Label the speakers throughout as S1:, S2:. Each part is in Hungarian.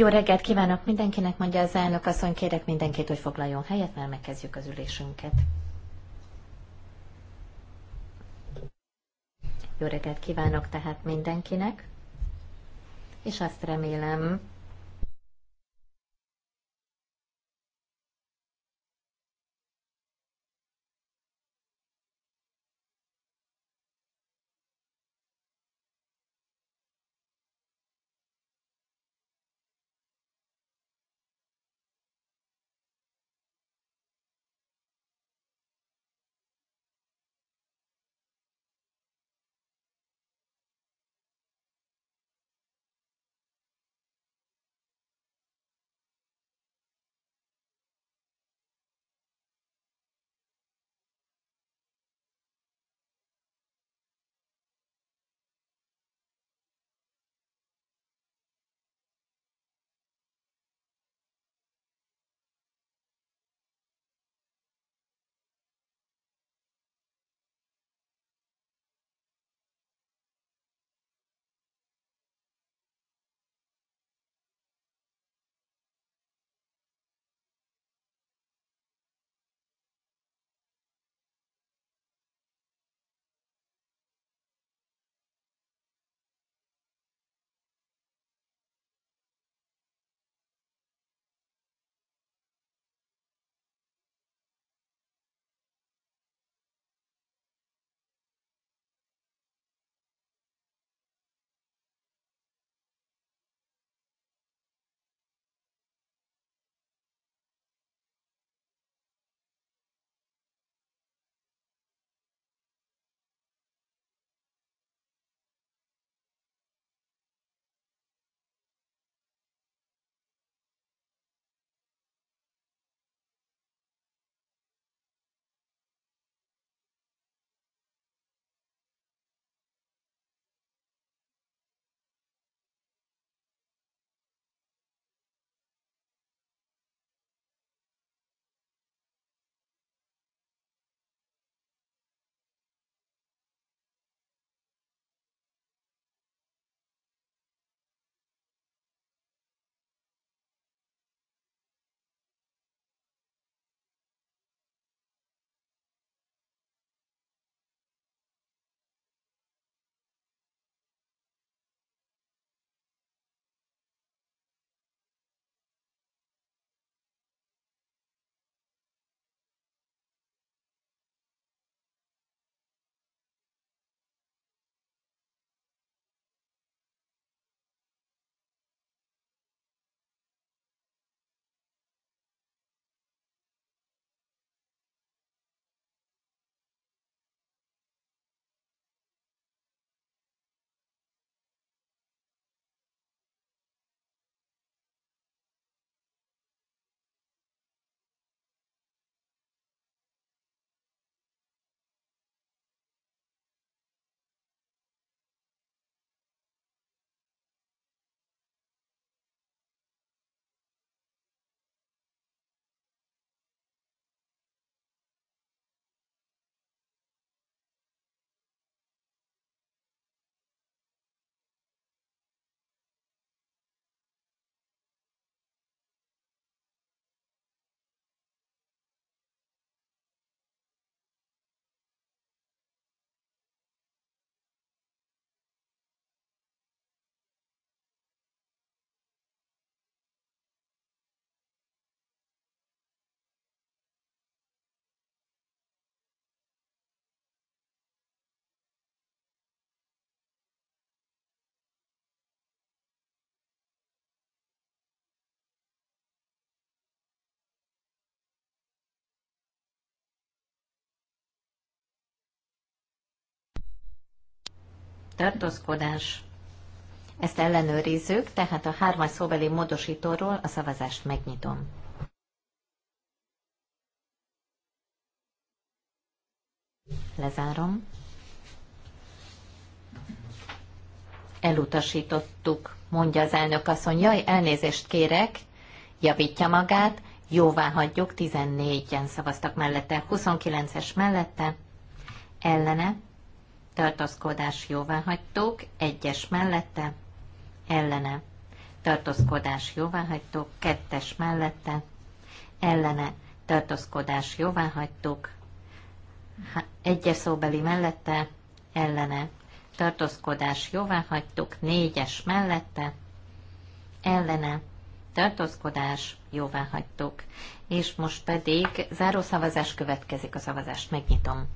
S1: Jó reggelt kívánok mindenkinek, mondja az elnök asszony, kérek mindenkit, hogy foglaljon helyet, mert megkezdjük az ülésünket. Jó reggelt kívánok tehát mindenkinek, és azt remélem, tartózkodás. Ezt ellenőrizzük, tehát a hármas szóbeli módosítóról a szavazást megnyitom. Lezárom. Elutasítottuk, mondja az elnök asszony. Jaj, elnézést kérek, javítja magát, jóvá hagyjuk, 14-en szavaztak mellette, 29-es mellette, ellene, tartózkodás jóváhagytók, egyes mellette, ellene, tartózkodás jóváhagytók, kettes mellette, ellene, tartózkodás jóváhagytók, egyes szóbeli mellette, ellene, tartózkodás jóváhagytók, négyes mellette, ellene, tartózkodás jóváhagytók. És most pedig zárószavazás következik a szavazást. Megnyitom.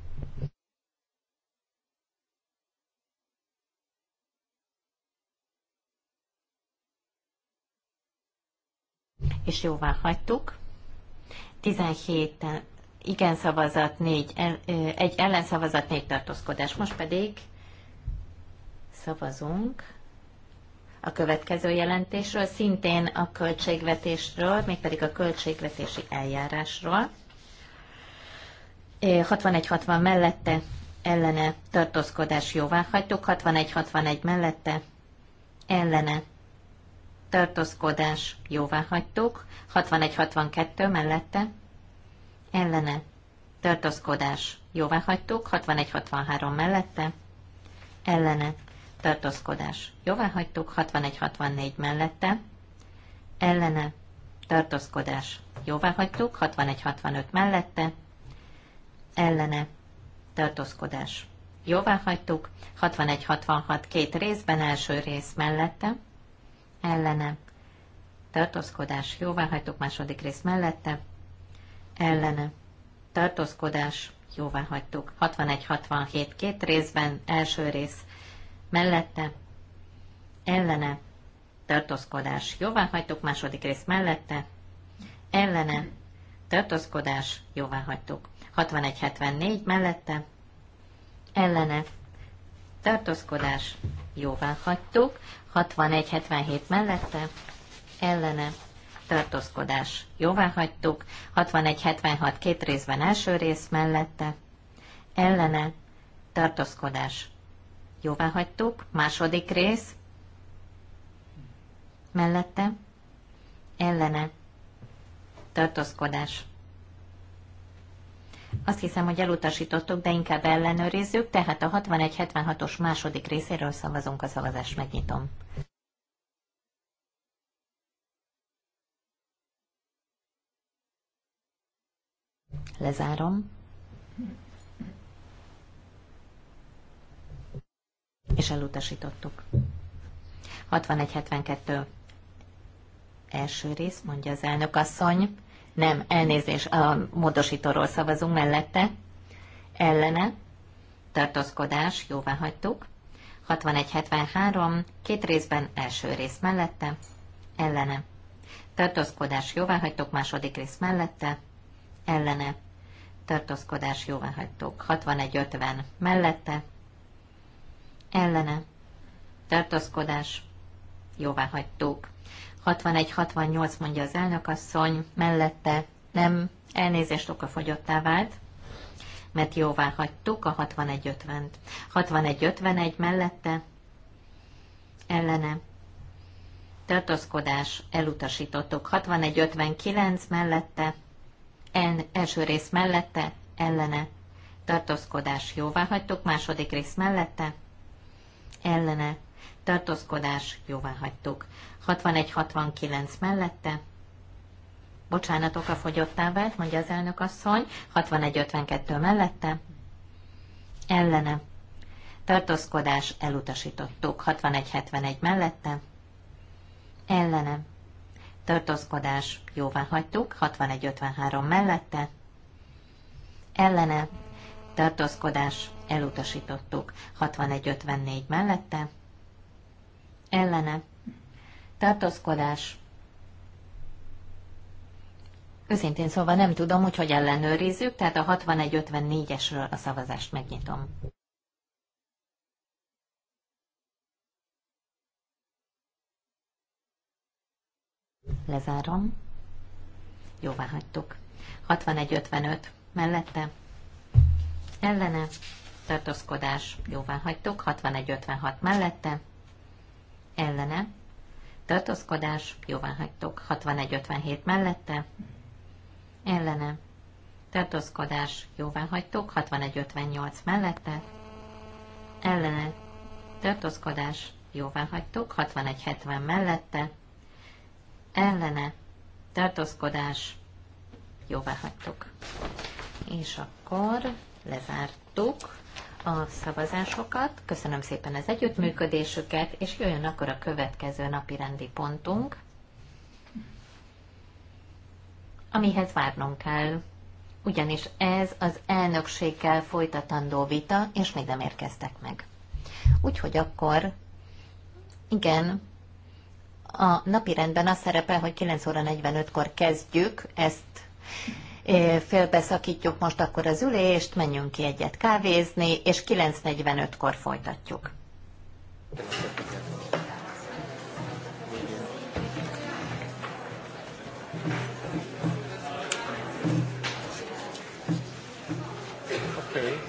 S1: és jóvá hagytuk. 17 eh, igen szavazat, négy eh, egy ellenszavazat, négy tartózkodás. Most pedig szavazunk a következő jelentésről, szintén a költségvetésről, mégpedig a költségvetési eljárásról. 61-60 eh, mellette ellene tartózkodás jóvá hagytuk, 61-61 mellette ellene tartózkodás, jóvá hagytuk, 61-62 mellette, ellene, tartózkodás, jóvá hagytuk, 61-63 mellette, ellene, tartózkodás, jóvá hagytuk, 61-64 mellette, ellene, tartózkodás, jóvá hagytuk, 61-65 mellette, ellene, tartózkodás, jóvá hagytuk, 61-66 két részben, első rész mellette, ellene, tartózkodás, jóvá második rész mellette, ellene, tartózkodás, jóvá hagytuk 61-67 két részben, első rész mellette, ellene, tartózkodás, jóvá hagytuk második rész mellette, ellene, tartózkodás, jóvá hagytuk 61-74 mellette, ellene, tartózkodás, jóvá hagytuk, 61-77 mellette, ellene, tartózkodás jóvá hagytuk, 61-76 két részben első rész mellette, ellene, tartózkodás jóvá hagytuk, második rész mellette, ellene, tartózkodás azt hiszem, hogy elutasítottuk, de inkább ellenőrizzük, tehát a 61-76-os második részéről szavazunk a szavazás megnyitom. Lezárom. És elutasítottuk. 61-72 első rész, mondja az elnök asszony nem, elnézés, a módosítóról szavazunk mellette, ellene, tartózkodás, jóvá hagytuk, 6173, két részben, első rész mellette, ellene, tartózkodás, jóvá hagytuk, második rész mellette, ellene, tartózkodás, jóvá hagytuk, 6150 mellette, ellene, tartózkodás, jóvá hagytuk, 61-68 mondja az elnökasszony, mellette nem, elnézést oka fogyottá vált, mert jóvá hagytuk a 61-50-t. 61-51 mellette ellene tartózkodás elutasítottuk. 61-59 mellette, el, első rész mellette, ellene tartózkodás jóvá hagytuk, második rész mellette, ellene tartózkodás jóvá hagytuk. 61-69 mellette. Bocsánat, oka fogyottá vált, mondja az elnök asszony. 61-52 mellette. Ellene. Tartózkodás elutasítottuk. 61-71 mellette. Ellene. Tartózkodás jóvá hagytuk. 61-53 mellette. Ellene. Tartózkodás elutasítottuk. 61-54 mellette. Ellene Tartózkodás. Őszintén szóval nem tudom, hogy hogy ellenőrizzük, tehát a 61-54-esről a szavazást megnyitom. Lezárom. Jóvá hagytuk. 61-55 mellette. Ellene. Tartózkodás. Jóvá hagytuk. 61-56 mellette. Ellene tartózkodás, jóvá hagytok 61-57 mellette, ellene, tartózkodás, jóvá hagytok 61-58 mellette, ellene, tartózkodás, jóvá hagytok 61-70 mellette, ellene, tartózkodás, jóvá hagytok. És akkor lezártuk a szavazásokat, köszönöm szépen az együttműködésüket, és jöjjön akkor a következő napi rendi pontunk, amihez várnunk kell. Ugyanis ez az elnökséggel folytatandó vita, és még nem érkeztek meg. Úgyhogy akkor, igen, a napi rendben az szerepel, hogy 9 óra 45-kor kezdjük ezt félbeszakítjuk most akkor az ülést, menjünk ki egyet kávézni, és 9.45-kor folytatjuk.
S2: Okay.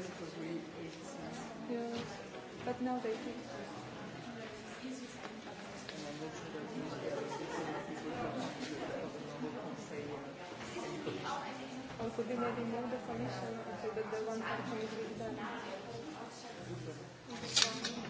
S2: Otherwise it was really 80 cents. Yeah. But now they think. Also they maybe know the commission, so that the one person is with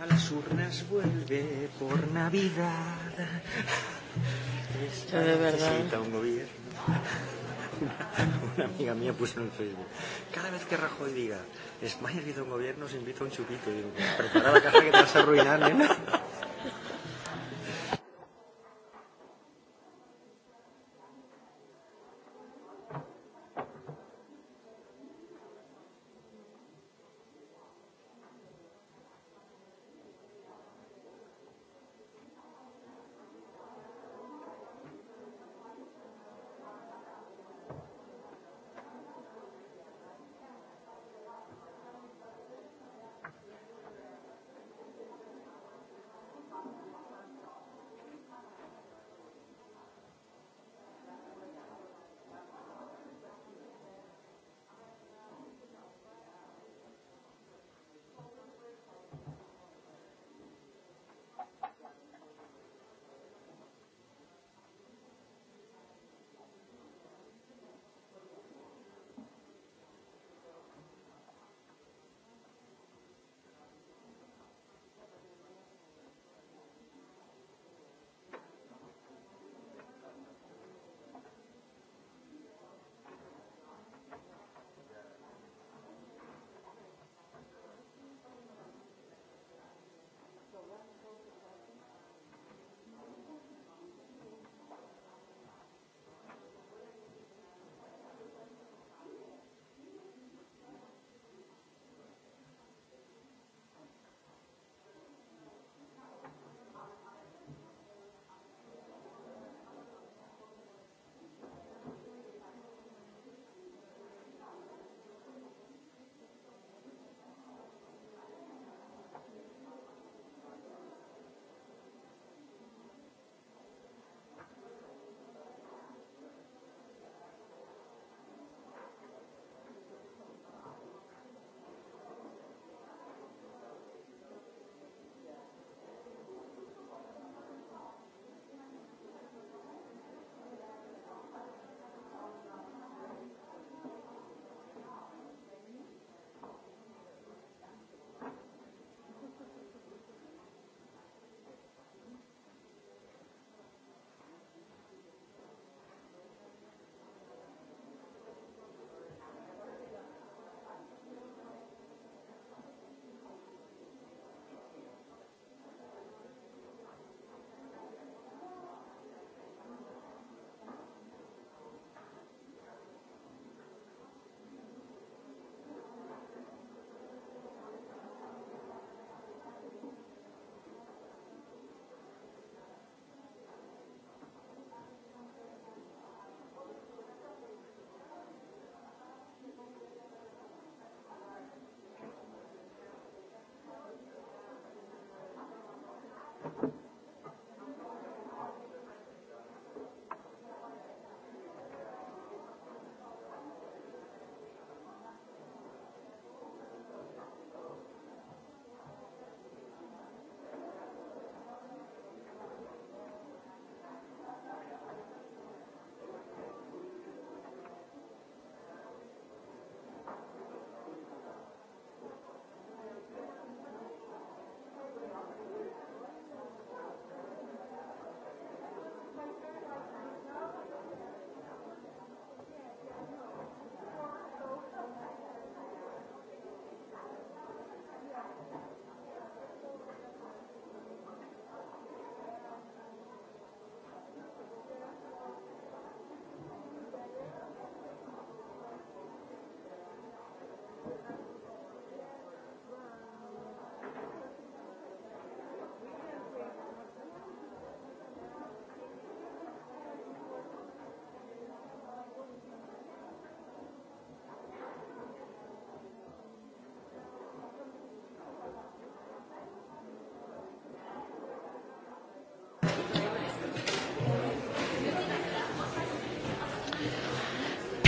S2: a las urnas vuelve por Navidad. Esta de verdad. necesita un gobierno. Una, amiga mía puso en Facebook. Cada vez que Rajoy diga, España ha un gobierno, se invita a un chupito. Y digo, prepara la caja que te vas a arruinar, nena.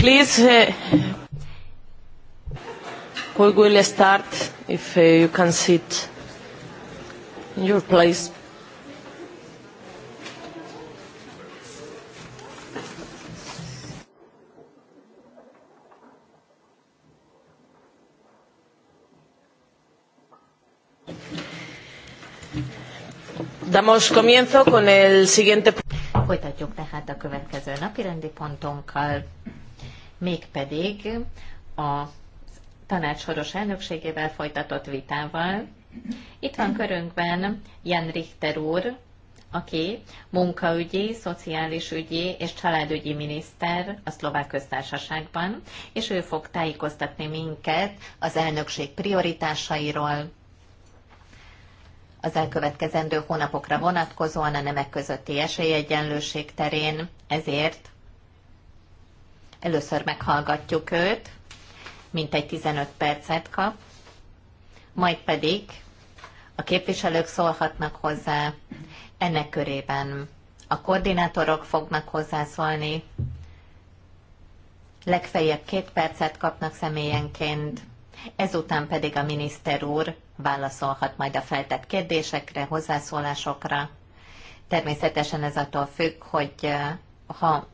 S3: please, uh, we will start if uh, you can sit in your place.
S1: Damos comienzo con el siguiente. Folytatjuk tehát a következő napi rendi pontunkkal mégpedig a tanácsoros elnökségével folytatott vitával. Itt van körünkben Jan Richter úr, aki munkaügyi, szociális ügyi és családügyi miniszter a szlovák köztársaságban, és ő fog tájékoztatni minket az elnökség prioritásairól, az elkövetkezendő hónapokra vonatkozóan a nemek közötti esélyegyenlőség terén, ezért Először meghallgatjuk őt, mintegy 15 percet kap, majd pedig a képviselők szólhatnak hozzá, ennek körében a koordinátorok fognak hozzászólni, legfeljebb két percet kapnak személyenként, ezután pedig a miniszter úr válaszolhat majd a feltett kérdésekre, hozzászólásokra. Természetesen ez attól függ, hogy eh, ha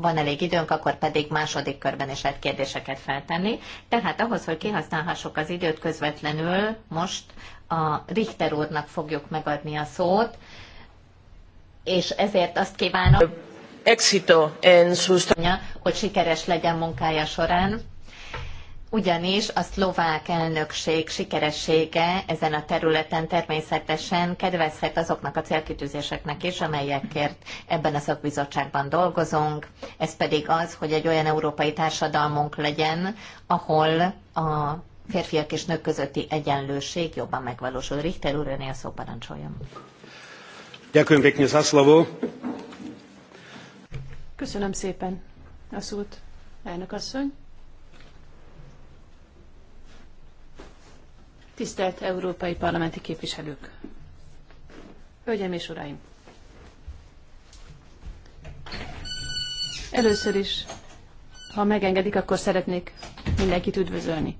S1: van elég időnk, akkor pedig második körben is lehet kérdéseket feltenni. Tehát ahhoz, hogy kihasználhassuk az időt közvetlenül, most a Richter úrnak fogjuk megadni a szót, és ezért azt kívánom, en sus... hogy sikeres legyen munkája során ugyanis a szlovák elnökség sikeressége ezen a területen természetesen kedvezhet azoknak a célkitűzéseknek is, amelyekért ebben a szakbizottságban dolgozunk. Ez pedig az, hogy egy olyan európai társadalmunk legyen, ahol a férfiak és nők közötti egyenlőség jobban megvalósul. Richter úr, önél szó parancsoljon. Köszönöm
S3: szépen a szót, elnök asszony. Tisztelt Európai Parlamenti képviselők! Hölgyeim és Uraim! Először is, ha megengedik, akkor szeretnék mindenkit üdvözölni.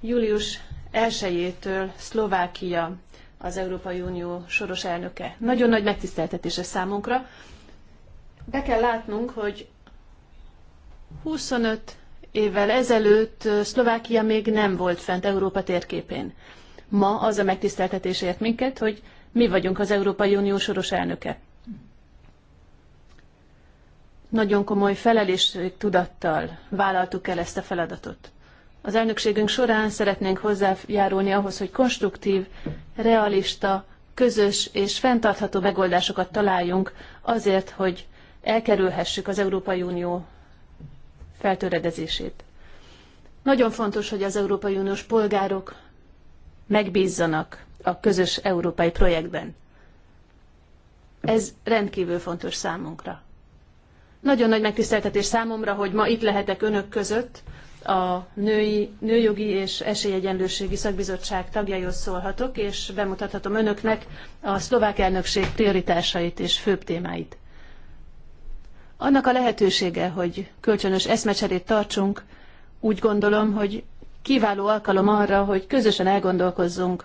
S3: Július 1-től Szlovákia az Európai Unió soros elnöke. Nagyon nagy megtiszteltetés ez számunkra. Be kell látnunk, hogy 25 évvel ezelőtt Szlovákia még nem volt fent Európa térképén. Ma az a megtiszteltetés ért minket, hogy mi vagyunk az Európai Unió soros elnöke. Nagyon komoly tudattal vállaltuk el ezt a feladatot. Az elnökségünk során szeretnénk hozzájárulni ahhoz, hogy konstruktív, realista, közös és fenntartható megoldásokat találjunk azért, hogy elkerülhessük az Európai Unió feltöredezését. Nagyon fontos, hogy az Európai Uniós polgárok megbízzanak a közös európai projektben. Ez rendkívül fontos számunkra. Nagyon nagy megtiszteltetés számomra, hogy ma itt lehetek önök között, a női, Nőjogi és Esélyegyenlőségi Szakbizottság tagjaihoz szólhatok, és bemutathatom önöknek a szlovák elnökség prioritásait és főbb témáit. Annak a lehetősége, hogy kölcsönös eszmecserét tartsunk, úgy gondolom, hogy kiváló alkalom arra, hogy közösen elgondolkozzunk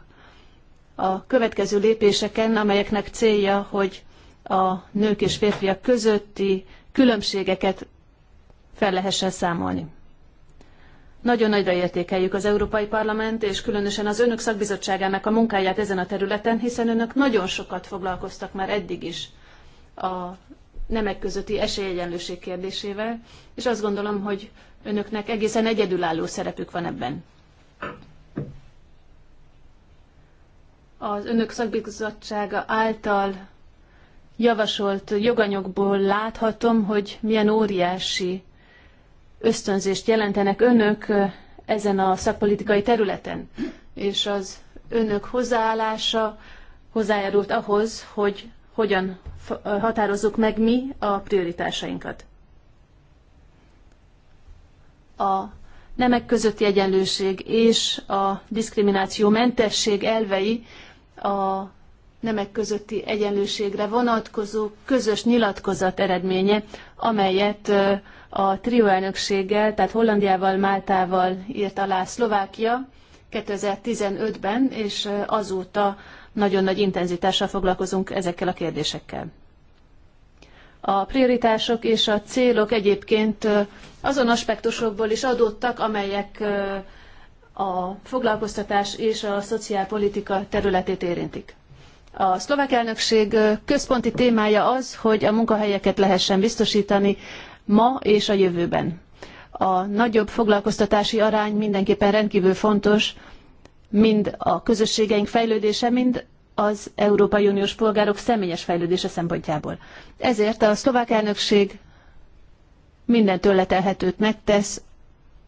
S3: a következő lépéseken, amelyeknek célja, hogy a nők és férfiak közötti különbségeket fel lehessen számolni. Nagyon nagyra értékeljük az Európai Parlament, és különösen az önök szakbizottságának a munkáját ezen a területen, hiszen önök nagyon sokat foglalkoztak már eddig is a nemek közötti esélyegyenlőség kérdésével, és azt gondolom, hogy önöknek egészen egyedülálló szerepük van ebben. Az önök szakbizottsága által javasolt joganyagból láthatom, hogy milyen óriási ösztönzést jelentenek önök ezen a szakpolitikai területen, és az önök hozzáállása hozzájárult ahhoz, hogy hogyan határozzuk meg mi a prioritásainkat. A nemek közötti egyenlőség és a diszkrimináció mentesség elvei a nemek közötti egyenlőségre vonatkozó közös nyilatkozat eredménye, amelyet a trió elnökséggel, tehát Hollandiával, Máltával írt alá Szlovákia 2015-ben, és azóta nagyon nagy intenzitással foglalkozunk ezekkel a kérdésekkel. A prioritások és a célok egyébként azon aspektusokból is adottak, amelyek a foglalkoztatás és a szociálpolitika területét érintik. A szlovák elnökség központi témája az, hogy a munkahelyeket lehessen biztosítani ma és a jövőben. A nagyobb foglalkoztatási arány mindenképpen rendkívül fontos mind a közösségeink fejlődése, mind az Európai Uniós polgárok személyes fejlődése szempontjából. Ezért a szlovák elnökség minden tőletelhetőt megtesz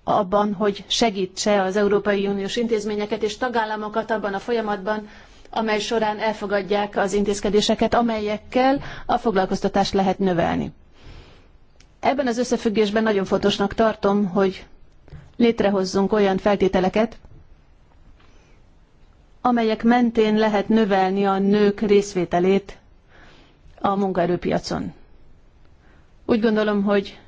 S3: abban, hogy segítse az Európai Uniós intézményeket és tagállamokat abban a folyamatban, amely során elfogadják az intézkedéseket, amelyekkel a foglalkoztatást lehet növelni. Ebben az összefüggésben nagyon fontosnak tartom, hogy létrehozzunk olyan feltételeket, amelyek mentén lehet növelni a nők részvételét a munkaerőpiacon. Úgy gondolom, hogy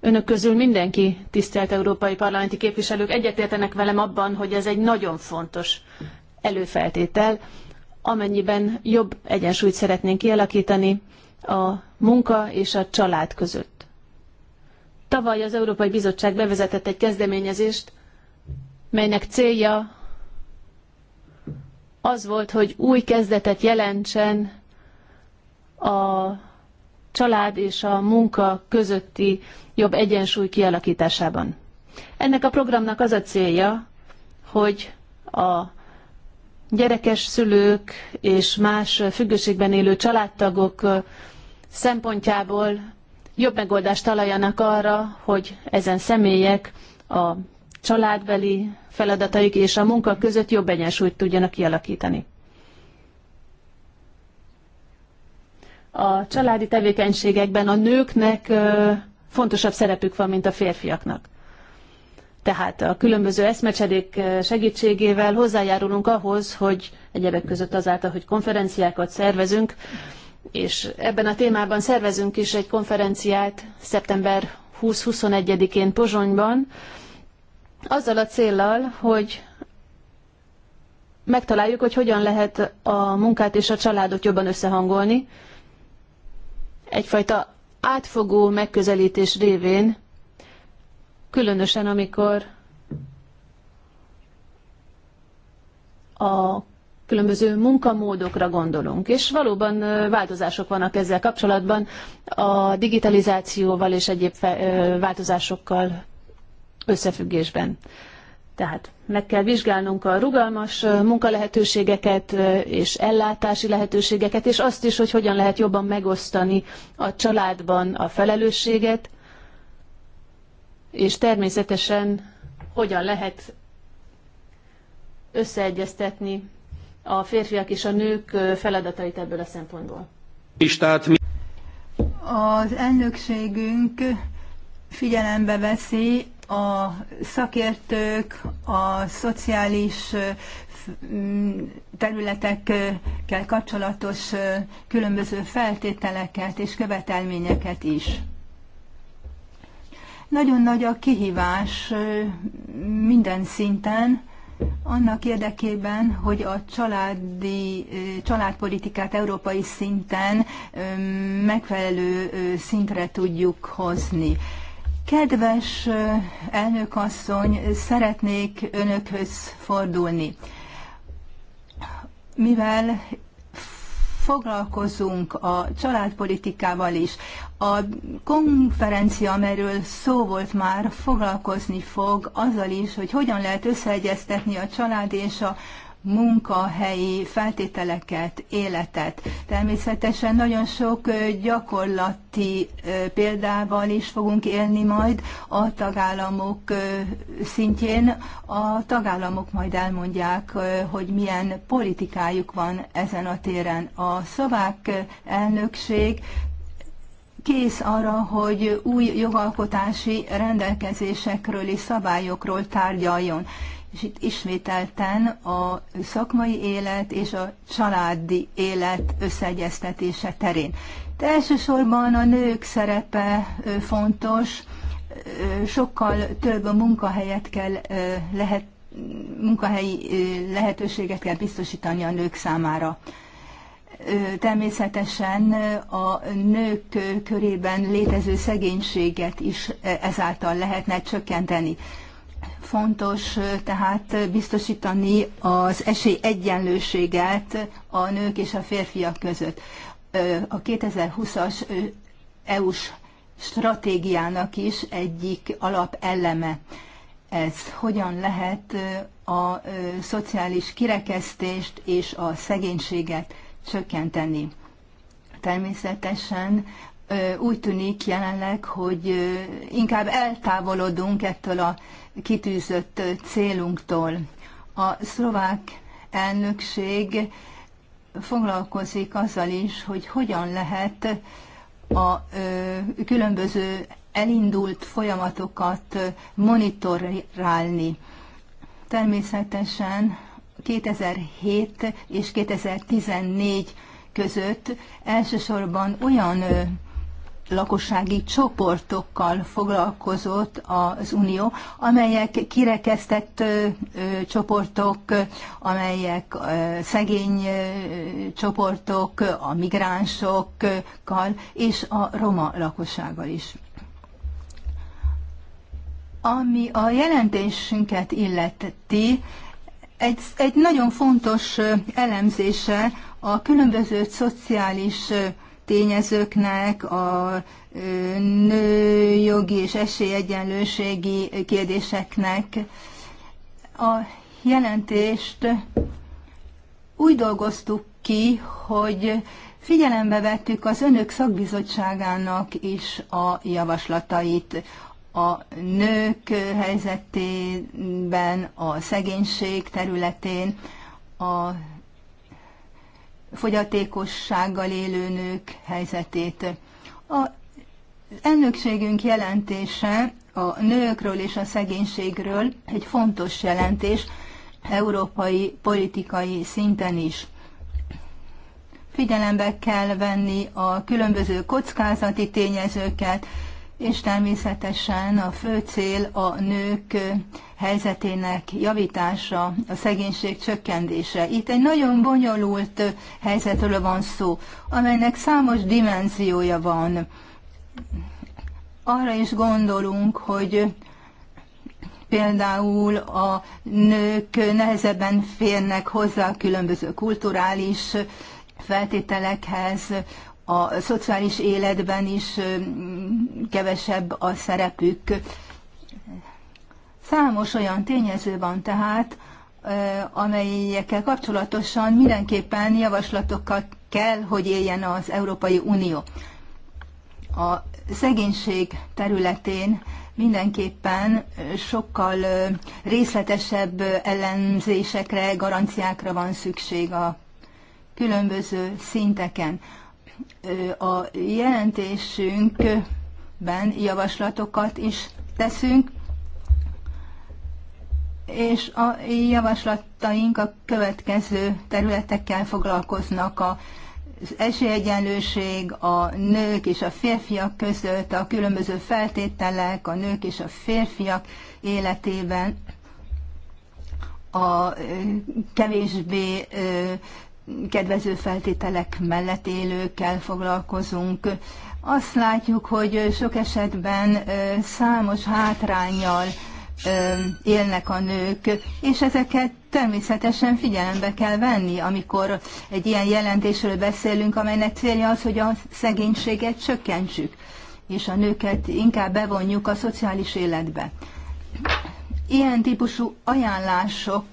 S3: önök közül mindenki, tisztelt európai parlamenti képviselők, egyetértenek velem abban, hogy ez egy nagyon fontos előfeltétel, amennyiben jobb egyensúlyt szeretnénk kialakítani a munka és a család között. Tavaly az Európai Bizottság bevezetett egy kezdeményezést, melynek célja, az volt, hogy új kezdetet jelentsen a család és a munka közötti jobb egyensúly kialakításában. Ennek a programnak az a célja, hogy a gyerekes szülők és más függőségben élő családtagok szempontjából jobb megoldást találjanak arra, hogy ezen személyek a családbeli feladataik és a munka között jobb egyensúlyt tudjanak kialakítani. A családi tevékenységekben a nőknek fontosabb szerepük van, mint a férfiaknak. Tehát a különböző eszmecserék segítségével hozzájárulunk ahhoz, hogy egyebek között azáltal, hogy konferenciákat szervezünk, és ebben a témában szervezünk is egy konferenciát szeptember 20-21-én Pozsonyban, azzal a céllal, hogy megtaláljuk, hogy hogyan lehet a munkát és a családot jobban összehangolni, egyfajta átfogó megközelítés révén, különösen amikor a különböző munkamódokra gondolunk, és valóban változások vannak ezzel kapcsolatban, a digitalizációval és egyéb változásokkal összefüggésben. Tehát meg kell vizsgálnunk a rugalmas munkalehetőségeket és ellátási lehetőségeket, és azt is, hogy hogyan lehet jobban megosztani a családban a felelősséget, és természetesen hogyan lehet összeegyeztetni a férfiak és a nők feladatait
S4: ebből a szempontból. Az elnökségünk figyelembe veszi a szakértők a szociális területekkel kapcsolatos különböző feltételeket és követelményeket is. Nagyon nagy a kihívás minden szinten, annak érdekében, hogy a családi, családpolitikát európai szinten megfelelő szintre tudjuk hozni. Kedves elnökasszony, szeretnék önökhöz fordulni. Mivel foglalkozunk a családpolitikával is. A konferencia, amiről szó volt már, foglalkozni fog azzal is, hogy hogyan lehet összeegyeztetni a család és a munkahelyi feltételeket, életet. Természetesen nagyon sok gyakorlati példával is fogunk élni majd a tagállamok szintjén. A tagállamok majd elmondják, hogy milyen politikájuk van ezen a téren. A szlovák elnökség kész arra, hogy új jogalkotási rendelkezésekről és szabályokról tárgyaljon és itt ismételten a szakmai élet és a családi élet összeegyeztetése terén. De elsősorban a nők szerepe fontos, sokkal több a munkahelyet kell lehet, munkahelyi lehetőséget kell biztosítani a nők számára. Természetesen a nők körében létező szegénységet is ezáltal lehetne csökkenteni. Fontos tehát biztosítani az esély egyenlőséget a nők és a férfiak között. A 2020-as EU-s stratégiának is egyik alapelleme ez. Hogyan lehet a szociális kirekesztést és a szegénységet csökkenteni? Természetesen úgy tűnik jelenleg, hogy inkább eltávolodunk ettől a kitűzött célunktól. A szlovák elnökség foglalkozik azzal is, hogy hogyan lehet a különböző elindult folyamatokat monitorálni. Természetesen 2007 és 2014 között elsősorban olyan lakossági csoportokkal foglalkozott az Unió, amelyek kirekesztett csoportok, amelyek szegény csoportok, a migránsokkal és a roma lakossággal is. Ami a jelentésünket illeti, egy, egy nagyon fontos elemzése a különböző szociális tényezőknek, a nőjogi és esélyegyenlőségi kérdéseknek. A jelentést úgy dolgoztuk ki, hogy figyelembe vettük az önök szakbizottságának is a javaslatait a nők helyzetében, a szegénység területén, a fogyatékossággal élő nők helyzetét. A elnökségünk jelentése a nőkről és a szegénységről egy fontos jelentés európai politikai szinten is. Figyelembe kell venni a különböző kockázati tényezőket, és természetesen a fő cél a nők helyzetének javítása, a szegénység csökkentése. Itt egy nagyon bonyolult helyzetről van szó, amelynek számos dimenziója van. Arra is gondolunk, hogy például a nők nehezebben férnek hozzá a különböző kulturális feltételekhez, a szociális életben is kevesebb a szerepük. Számos olyan tényező van tehát, amelyekkel kapcsolatosan mindenképpen javaslatokkal kell, hogy éljen az Európai Unió. A szegénység területén mindenképpen sokkal részletesebb ellenzésekre, garanciákra van szükség a különböző szinteken a jelentésünkben javaslatokat is teszünk, és a javaslataink a következő területekkel foglalkoznak a az esélyegyenlőség a nők és a férfiak között, a különböző feltételek a nők és a férfiak életében, a kevésbé kedvező feltételek mellett élőkkel foglalkozunk. Azt látjuk, hogy sok esetben számos hátrányjal élnek a nők, és ezeket természetesen figyelembe kell venni, amikor egy ilyen jelentésről beszélünk, amelynek célja az, hogy a szegénységet csökkentsük, és a nőket inkább bevonjuk a szociális életbe. Ilyen típusú ajánlások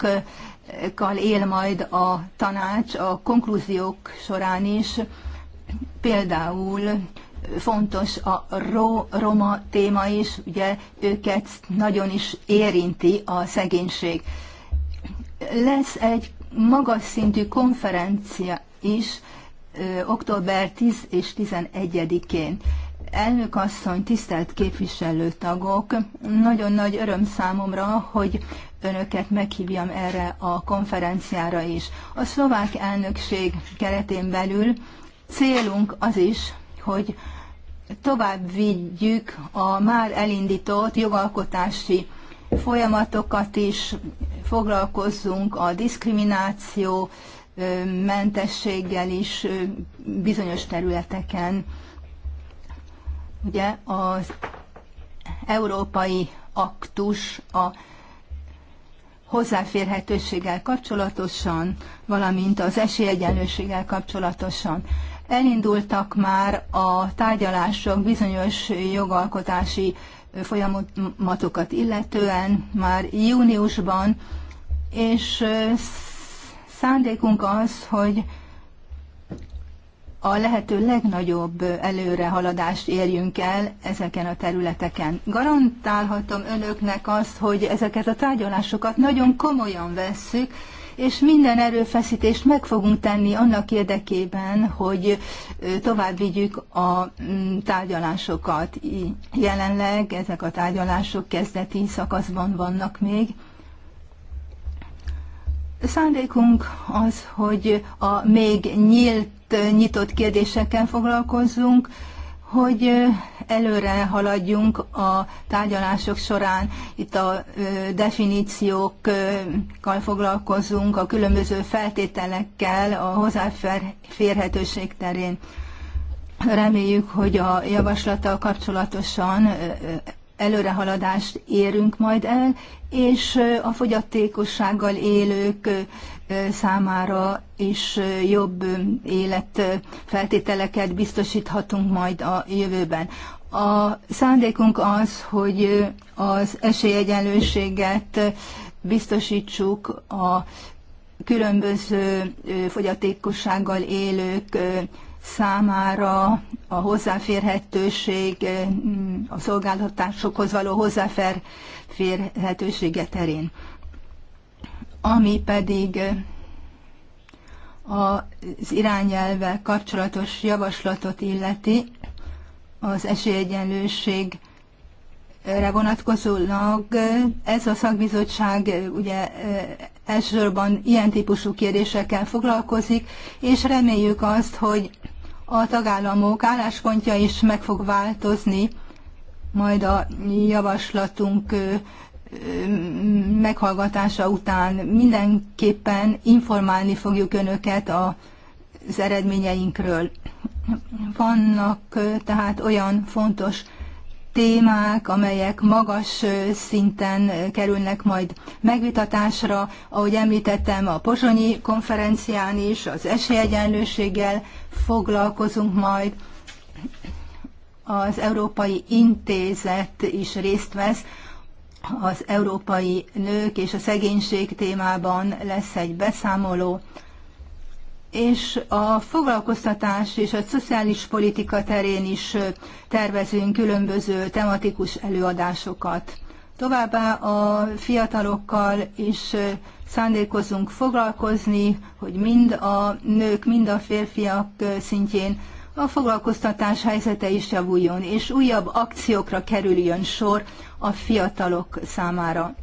S4: kal él majd a tanács a konklúziók során is. Például fontos a ro, roma téma is, ugye őket nagyon is érinti a szegénység. Lesz egy magas szintű konferencia is ö, október 10 és 11-én. Elnök asszony, tisztelt képviselőtagok, nagyon nagy öröm számomra, hogy önöket meghívjam erre a konferenciára is. A szlovák elnökség keretén belül célunk az is, hogy tovább vigyük a már elindított jogalkotási folyamatokat is, foglalkozzunk a diszkrimináció mentességgel is bizonyos területeken. Ugye az európai aktus a hozzáférhetőséggel kapcsolatosan, valamint az esélyegyenlőséggel kapcsolatosan. Elindultak már a tárgyalások bizonyos jogalkotási folyamatokat illetően már júniusban, és szándékunk az, hogy a lehető legnagyobb előrehaladást érjünk el ezeken a területeken. Garantálhatom önöknek azt, hogy ezeket a tárgyalásokat nagyon komolyan vesszük, és minden erőfeszítést meg fogunk tenni annak érdekében, hogy tovább vigyük a mm, tárgyalásokat. Jelenleg ezek a tárgyalások kezdeti szakaszban vannak még, Szándékunk az, hogy a még nyílt, nyitott kérdésekkel foglalkozzunk, hogy előre haladjunk a tárgyalások során. Itt a definíciókkal foglalkozunk, a különböző feltételekkel a hozzáférhetőség terén. Reméljük, hogy a javaslattal kapcsolatosan előrehaladást érünk majd el, és a fogyatékossággal élők számára is jobb életfeltételeket biztosíthatunk majd a jövőben. A szándékunk az, hogy az esélyegyenlőséget biztosítsuk a különböző fogyatékossággal élők számára a hozzáférhetőség, mm, a szolgáltatásokhoz való hozzáférhetősége terén. Ami pedig az irányelve kapcsolatos javaslatot illeti, az esélyegyenlőség re vonatkozólag ez a szakbizottság ugye e, elsősorban ilyen típusú kérdésekkel foglalkozik, és reméljük azt, hogy a tagállamok álláspontja is meg fog változni, majd a javaslatunk meghallgatása után mindenképpen informálni fogjuk önöket az eredményeinkről. Vannak tehát olyan fontos témák, amelyek magas szinten kerülnek majd megvitatásra. Ahogy említettem, a pozsonyi konferencián is az esélyegyenlőséggel foglalkozunk majd. Az Európai Intézet is részt vesz, az európai nők és a szegénység témában lesz egy beszámoló, és a foglalkoztatás és a szociális politika terén is tervezünk különböző tematikus előadásokat. Továbbá a fiatalokkal is szándékozunk foglalkozni, hogy mind a nők, mind a férfiak szintjén a foglalkoztatás helyzete is javuljon, és újabb akciókra kerüljön sor a fiatalok számára.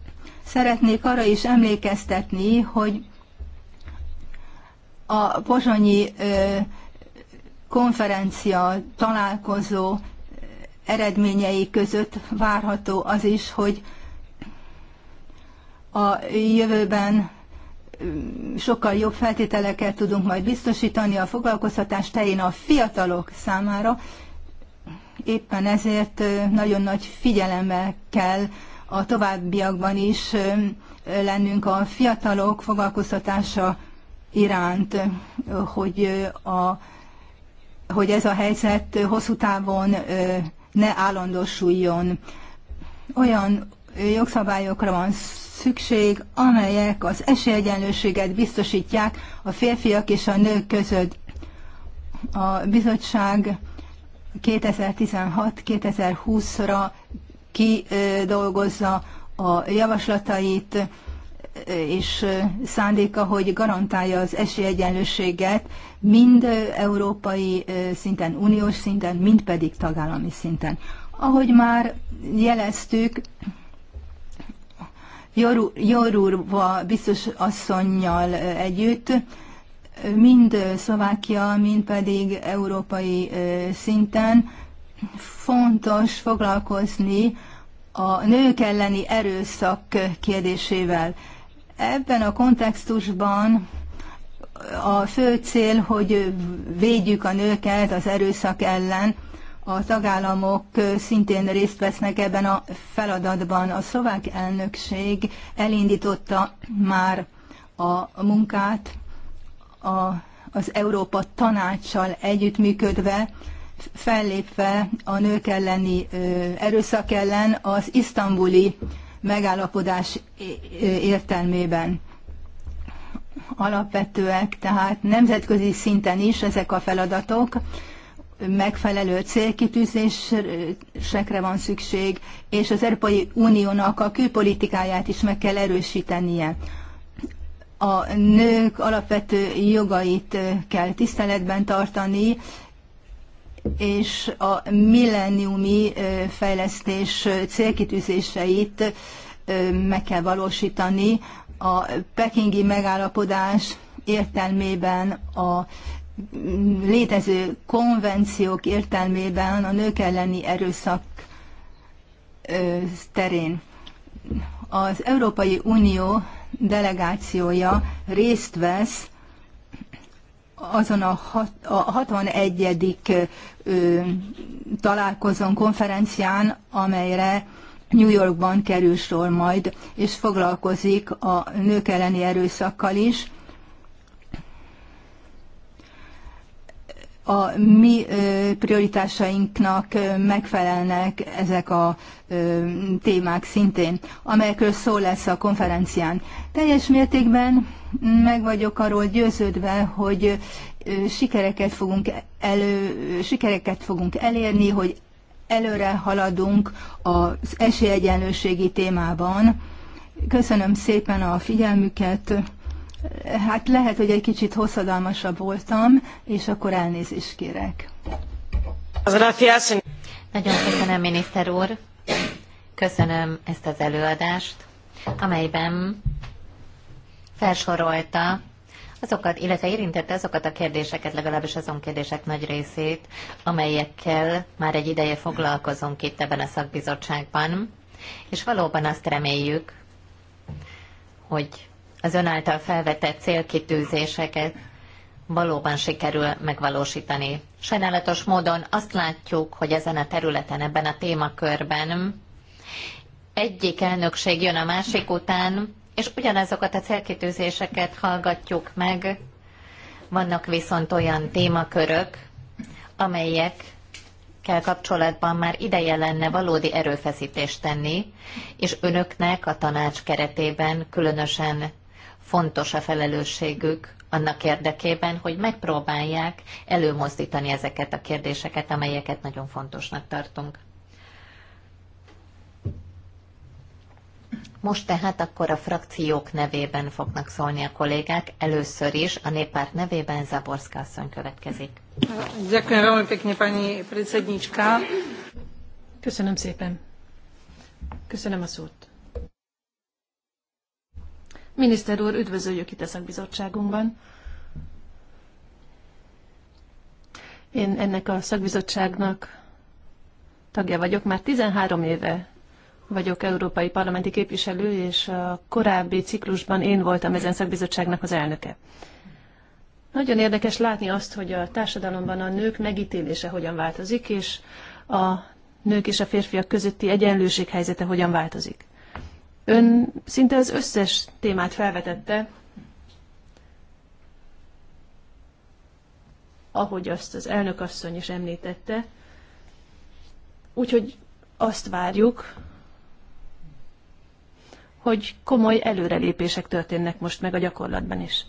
S4: Szeretnék arra is emlékeztetni, hogy a pozsonyi konferencia találkozó eredményei között várható az is, hogy a jövőben sokkal jobb feltételeket tudunk majd biztosítani a foglalkoztatás tején a fiatalok számára. Éppen ezért nagyon nagy figyelemmel kell a továbbiakban is lennünk a fiatalok foglalkoztatása iránt, hogy, a, hogy ez a helyzet hosszú távon ne állandósuljon. Olyan jogszabályokra van szükség, amelyek az esélyegyenlőséget biztosítják a férfiak és a nők között. A bizottság 2016-2020-ra kidolgozza a javaslatait, és szándéka, hogy garantálja az esélyegyenlőséget mind európai szinten, uniós szinten, mind pedig tagállami szinten. Ahogy már jeleztük, Jorurva biztos asszonynal együtt, mind Szlovákia, mind pedig európai szinten fontos foglalkozni a nők elleni erőszak kérdésével. Ebben a kontextusban a fő cél, hogy védjük a nőket az erőszak ellen, a tagállamok szintén részt vesznek ebben a feladatban. A szlovák elnökség elindította már a munkát a, az Európa tanácssal együttműködve, fellépve a nők elleni ö, erőszak ellen az isztambuli megállapodás értelmében alapvetőek, tehát nemzetközi szinten is ezek a feladatok megfelelő célkitűzésekre van szükség, és az Európai Uniónak a külpolitikáját is meg kell erősítenie. A nők alapvető jogait kell tiszteletben tartani, és a milleniumi fejlesztés célkitűzéseit meg kell valósítani. A pekingi megállapodás értelmében a létező konvenciók értelmében a nők elleni erőszak terén. Az Európai Unió delegációja részt vesz azon a, hat, a 61. találkozón, konferencián, amelyre New Yorkban kerül sor majd, és foglalkozik a nők elleni erőszakkal is a mi prioritásainknak megfelelnek ezek a témák szintén, amelyekről szó lesz a konferencián. Teljes mértékben meg vagyok arról győződve, hogy sikereket fogunk, elő, sikereket fogunk elérni, hogy előre haladunk az esélyegyenlőségi témában. Köszönöm szépen a figyelmüket! Hát lehet, hogy egy kicsit hosszadalmasabb voltam, és akkor elnézést
S1: kérek. Nagyon köszönöm, miniszter úr. Köszönöm ezt az előadást, amelyben felsorolta azokat, illetve érintette azokat a kérdéseket, legalábbis azon kérdések nagy részét, amelyekkel már egy ideje foglalkozunk itt ebben a szakbizottságban, és valóban azt reméljük, hogy az ön által felvetett célkitűzéseket valóban sikerül megvalósítani. Sajnálatos módon azt látjuk, hogy ezen a területen, ebben a témakörben egyik elnökség jön a másik után, és ugyanazokat a célkitűzéseket hallgatjuk meg. Vannak viszont olyan témakörök, amelyek kell kapcsolatban már ideje lenne valódi erőfeszítést tenni, és önöknek a tanács keretében különösen fontos a felelősségük annak érdekében, hogy megpróbálják előmozdítani ezeket a kérdéseket, amelyeket nagyon fontosnak tartunk. Most tehát akkor a frakciók nevében fognak szólni a kollégák. Először is a néppárt nevében Zaborszka asszony következik.
S4: Köszönöm szépen.
S3: Köszönöm a szót. Miniszter úr, üdvözöljük itt a szakbizottságunkban. Én ennek a szakbizottságnak tagja vagyok, már 13 éve vagyok európai parlamenti képviselő, és a korábbi ciklusban én voltam ezen szakbizottságnak az elnöke. Nagyon érdekes látni azt, hogy a társadalomban a nők megítélése hogyan változik, és a nők és a férfiak közötti egyenlőség helyzete hogyan változik. Ön szinte az összes témát felvetette, ahogy azt az elnökasszony is említette. Úgyhogy azt várjuk, hogy komoly előrelépések történnek most meg a gyakorlatban is.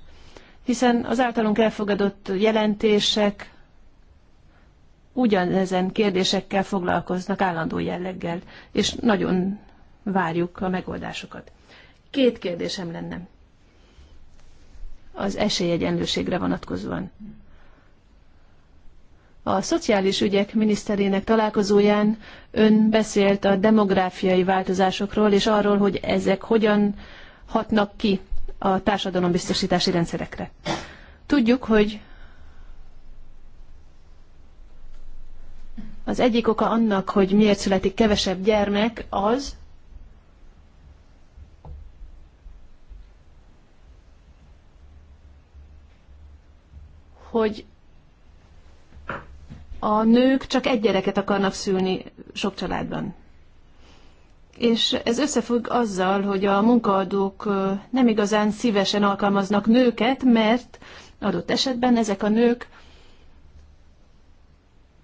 S3: Hiszen az általunk elfogadott jelentések ugyanezen kérdésekkel foglalkoznak állandó jelleggel, és nagyon várjuk a megoldásokat. Két kérdésem lenne az esélyegyenlőségre vonatkozóan. A szociális ügyek miniszterének találkozóján ön beszélt a demográfiai változásokról, és arról, hogy ezek hogyan hatnak ki a társadalombiztosítási rendszerekre. Tudjuk, hogy az egyik oka annak, hogy miért születik kevesebb gyermek, az, hogy a nők csak egy gyereket akarnak szülni sok családban. És ez összefügg azzal, hogy a munkaadók nem igazán szívesen alkalmaznak nőket, mert adott esetben ezek a nők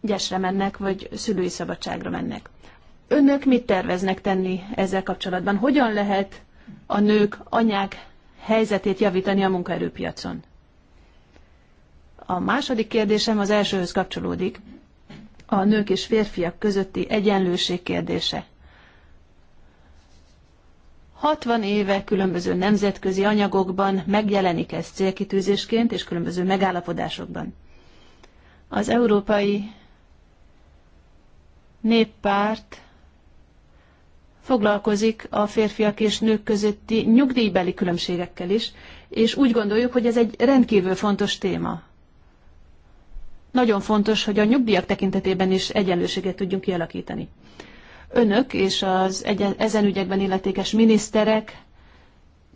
S3: gyesre mennek, vagy szülői szabadságra mennek. Önök mit terveznek tenni ezzel kapcsolatban? Hogyan lehet a nők, anyák helyzetét javítani a munkaerőpiacon? A második kérdésem az elsőhöz kapcsolódik. A nők és férfiak közötti egyenlőség kérdése. 60 éve különböző nemzetközi anyagokban megjelenik ez célkitűzésként és különböző megállapodásokban. Az Európai Néppárt foglalkozik a férfiak és nők közötti nyugdíjbeli különbségekkel is, és úgy gondoljuk, hogy ez egy rendkívül fontos téma nagyon fontos, hogy a nyugdíjak tekintetében is egyenlőséget tudjunk kialakítani. Önök és az egyen, ezen ügyekben illetékes miniszterek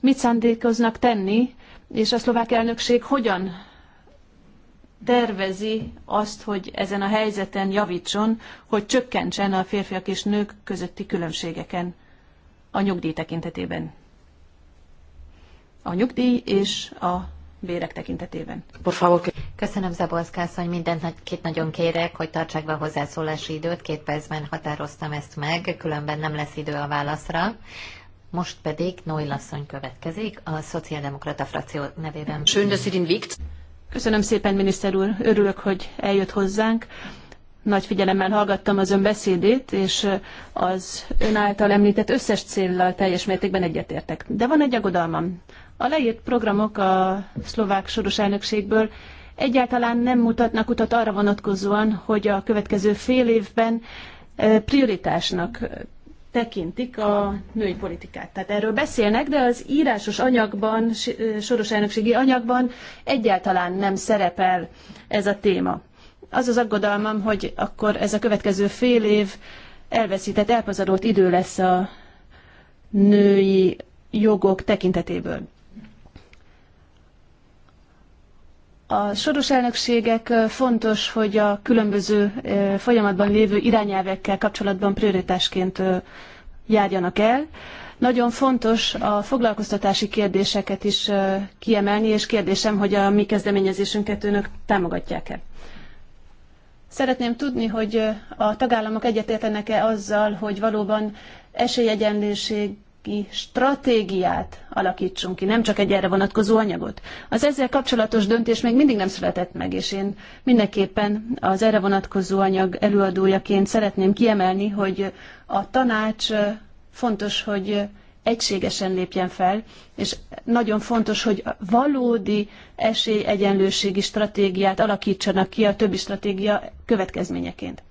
S3: mit szándékoznak tenni, és a szlovák elnökség hogyan tervezi azt, hogy ezen a helyzeten javítson, hogy csökkentsen a férfiak és nők közötti különbségeken a nyugdíj tekintetében. A nyugdíj
S1: és a bérek tekintetében. Köszönöm, Zabolszka asszony, két nagyon kérek, hogy tartsák be a hozzászólási időt. Két percben határoztam ezt meg, különben nem lesz idő a válaszra. Most pedig Noi asszony következik a Szociáldemokrata frakció nevében. Schön, dass Sie Köszönöm szépen, miniszter úr. Örülök, hogy eljött
S3: hozzánk. Nagy figyelemmel hallgattam az ön beszédét, és az ön által említett összes céllal teljes mértékben egyetértek. De van egy aggodalmam. A leírt programok a szlovák soros elnökségből egyáltalán nem mutatnak utat arra vonatkozóan, hogy a következő fél évben prioritásnak tekintik a női politikát. Tehát erről beszélnek, de az írásos anyagban, soros elnökségi anyagban egyáltalán nem szerepel ez a téma. Az az aggodalmam, hogy akkor ez a következő fél év elveszített, elpazarolt idő lesz a női jogok tekintetéből. A soros elnökségek fontos, hogy a különböző folyamatban lévő irányelvekkel kapcsolatban prioritásként járjanak el. Nagyon fontos a foglalkoztatási kérdéseket is kiemelni, és kérdésem, hogy a mi kezdeményezésünket önök támogatják-e. Szeretném tudni, hogy a tagállamok egyetértenek-e azzal, hogy valóban esélyegyenlőség ki stratégiát alakítsunk ki, nem csak egy erre vonatkozó anyagot. Az ezzel kapcsolatos döntés még mindig nem született meg, és én mindenképpen az erre vonatkozó anyag előadójaként szeretném kiemelni, hogy a tanács fontos, hogy egységesen lépjen fel, és nagyon fontos, hogy valódi esélyegyenlőségi stratégiát alakítsanak ki a többi stratégia következményeként.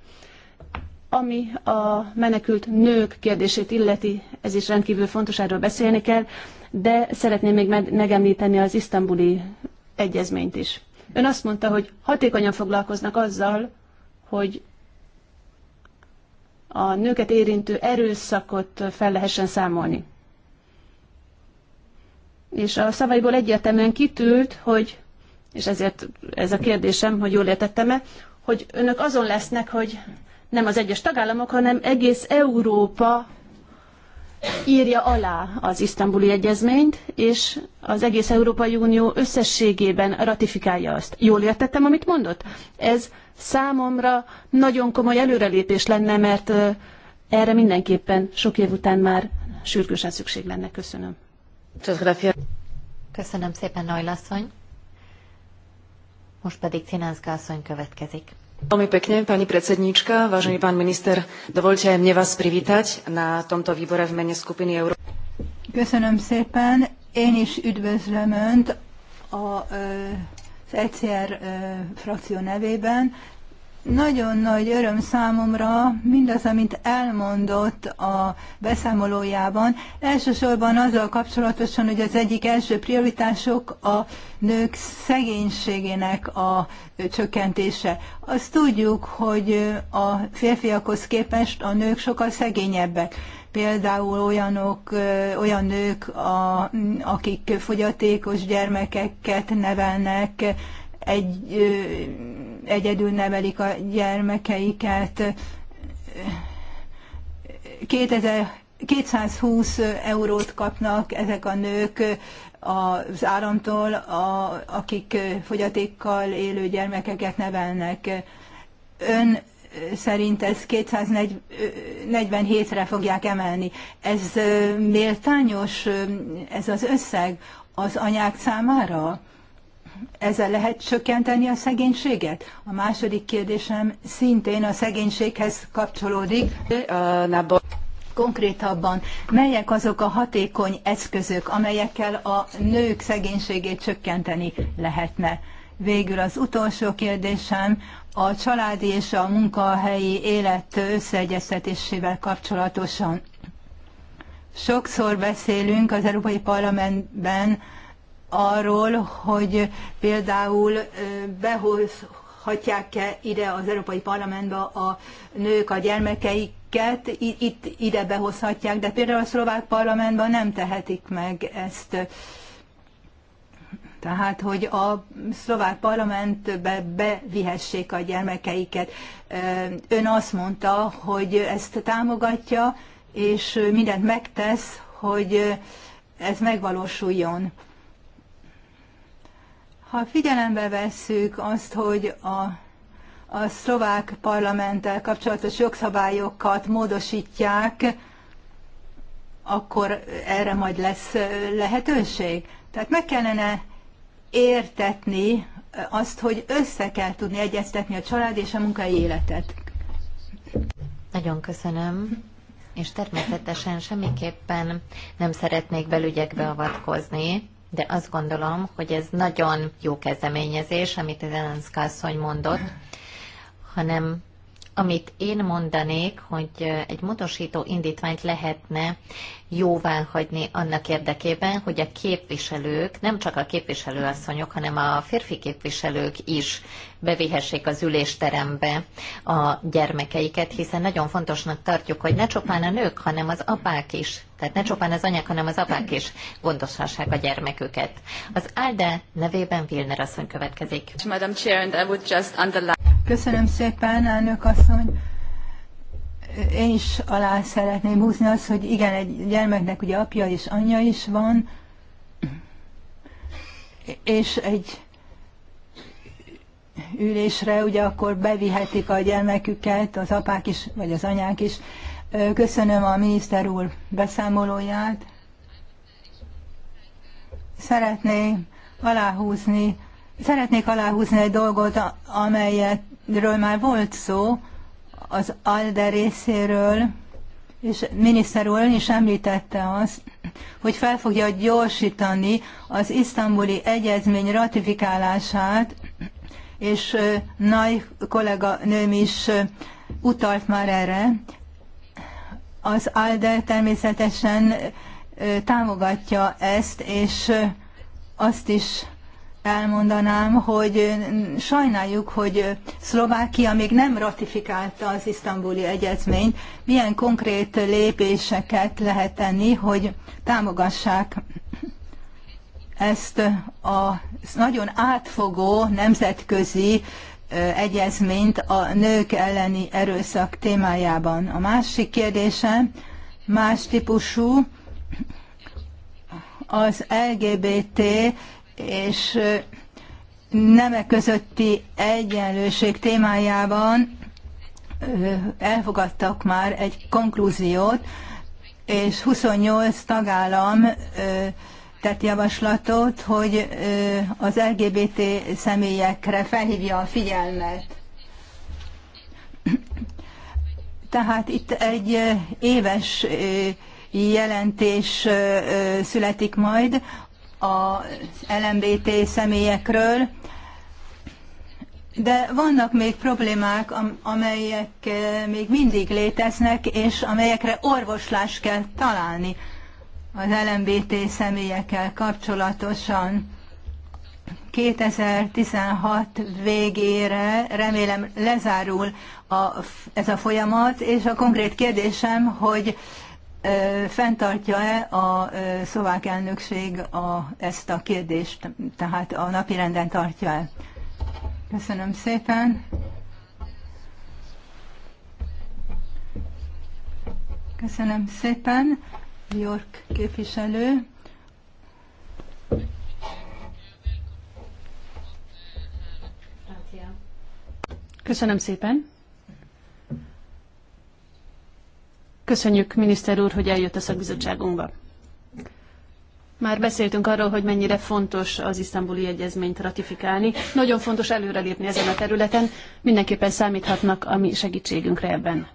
S3: Ami a menekült nők kérdését illeti, ez is rendkívül fontos, erről beszélni kell, de szeretném még megemlíteni az isztambuli egyezményt is. Ön azt mondta, hogy hatékonyan foglalkoznak azzal, hogy a nőket érintő erőszakot fel lehessen számolni. És a szavaiból egyértelműen kitűlt, hogy, és ezért ez a kérdésem, hogy jól értettem-e, hogy önök azon lesznek, hogy nem az egyes tagállamok, hanem egész Európa írja alá az isztambuli egyezményt, és az egész Európai Unió összességében ratifikálja azt. Jól értettem, amit mondott? Ez számomra nagyon komoly előrelépés lenne, mert erre mindenképpen
S1: sok év után már sürgősen szükség lenne. Köszönöm. Köszönöm szépen, Najlasszony. Most pedig Cinánszka asszony következik. Veľmi pekne, pani predsedníčka, vážený pán minister, dovolte aj mne vás privítať na
S2: tomto výbore v mene skupiny
S4: Köszönöm szépen, én is üdvözlöm Önt a, az ECR frakció nevében. Nagyon nagy öröm számomra mindaz, amit elmondott a beszámolójában. Elsősorban azzal kapcsolatosan, hogy az egyik első prioritások a nők szegénységének a csökkentése. Azt tudjuk, hogy a férfiakhoz képest a nők sokkal szegényebbek például olyanok, olyan nők, a, akik fogyatékos gyermekeket nevelnek, egy, egyedül nevelik a gyermekeiket. 220 eurót kapnak ezek a nők az államtól, a, akik fogyatékkal élő gyermekeket nevelnek. Ön szerint ez 247-re fogják emelni. Ez méltányos, ez az összeg az anyák számára? ezzel lehet csökkenteni a szegénységet? A második kérdésem szintén a szegénységhez kapcsolódik. Konkrétabban, melyek azok a hatékony eszközök, amelyekkel a nők szegénységét csökkenteni lehetne? Végül az utolsó kérdésem a családi és a munkahelyi élet összeegyeztetésével kapcsolatosan. Sokszor beszélünk az Európai Parlamentben arról, hogy például behozhatják-e ide az Európai Parlamentbe a nők a gyermekeiket, itt ide behozhatják, de például a szlovák parlamentben nem tehetik meg ezt. Tehát, hogy a szlovák parlamentbe bevihessék a gyermekeiket. Ön azt mondta, hogy ezt támogatja, és mindent megtesz, hogy ez megvalósuljon. Ha figyelembe vesszük azt, hogy a a szlovák parlamenttel kapcsolatos jogszabályokat módosítják, akkor erre majd lesz lehetőség. Tehát meg kellene értetni azt, hogy össze kell tudni egyeztetni a család
S1: és a munkai életet. Nagyon köszönöm, és természetesen semmiképpen nem szeretnék belügyekbe avatkozni, de azt gondolom, hogy ez nagyon jó kezdeményezés, amit Zelenszka asszony mondott, hanem amit én mondanék, hogy egy módosító indítványt lehetne jóvá hagyni annak érdekében, hogy a képviselők, nem csak a képviselőasszonyok, hanem a férfi képviselők is bevihessék az ülésterembe a gyermekeiket, hiszen nagyon fontosnak tartjuk, hogy ne csupán a nők, hanem az apák is, tehát ne csupán az anyák, hanem az apák is gondoshassák a gyermeküket. Az ALDE nevében Vilner asszony következik.
S4: Köszönöm szépen, elnök asszony én is alá szeretném húzni azt, hogy igen, egy gyermeknek ugye apja és anyja is van, és egy ülésre ugye akkor bevihetik a gyermeküket, az apák is, vagy az anyák is. Köszönöm a miniszter úr beszámolóját. Szeretnék aláhúzni, szeretnék aláhúzni egy dolgot, amelyetről már volt szó, az ALDE részéről, és miniszter úr is említette azt, hogy fel fogja gyorsítani az isztambuli egyezmény ratifikálását, és nagy kollega nőm is utalt már erre. Az ALDE természetesen támogatja ezt, és azt is elmondanám, hogy sajnáljuk, hogy Szlovákia még nem ratifikálta az isztambuli egyezményt. Milyen konkrét lépéseket lehet tenni, hogy támogassák ezt a nagyon átfogó nemzetközi egyezményt a nők elleni erőszak témájában. A másik kérdése más típusú, az LGBT és nemek közötti egyenlőség témájában elfogadtak már egy konklúziót, és 28 tagállam tett javaslatot, hogy az LGBT személyekre felhívja a figyelmet. Tehát itt egy éves jelentés születik majd az LMBT személyekről, de vannak még problémák, amelyek eh, még mindig léteznek, és amelyekre orvoslást kell találni az LMBT személyekkel kapcsolatosan. 2016 végére remélem lezárul a, ez a folyamat, és a konkrét kérdésem, hogy fenntartja-e a szlovák elnökség a, ezt a kérdést, tehát a napirenden tartja el? Köszönöm szépen. Köszönöm szépen, York képviselő. Köszönöm
S3: szépen. Köszönjük, miniszter úr, hogy eljött a szakbizottságunkba. Már beszéltünk arról, hogy mennyire fontos az isztambuli egyezményt ratifikálni. Nagyon fontos előrelépni ezen a területen. Mindenképpen számíthatnak a mi segítségünkre ebben.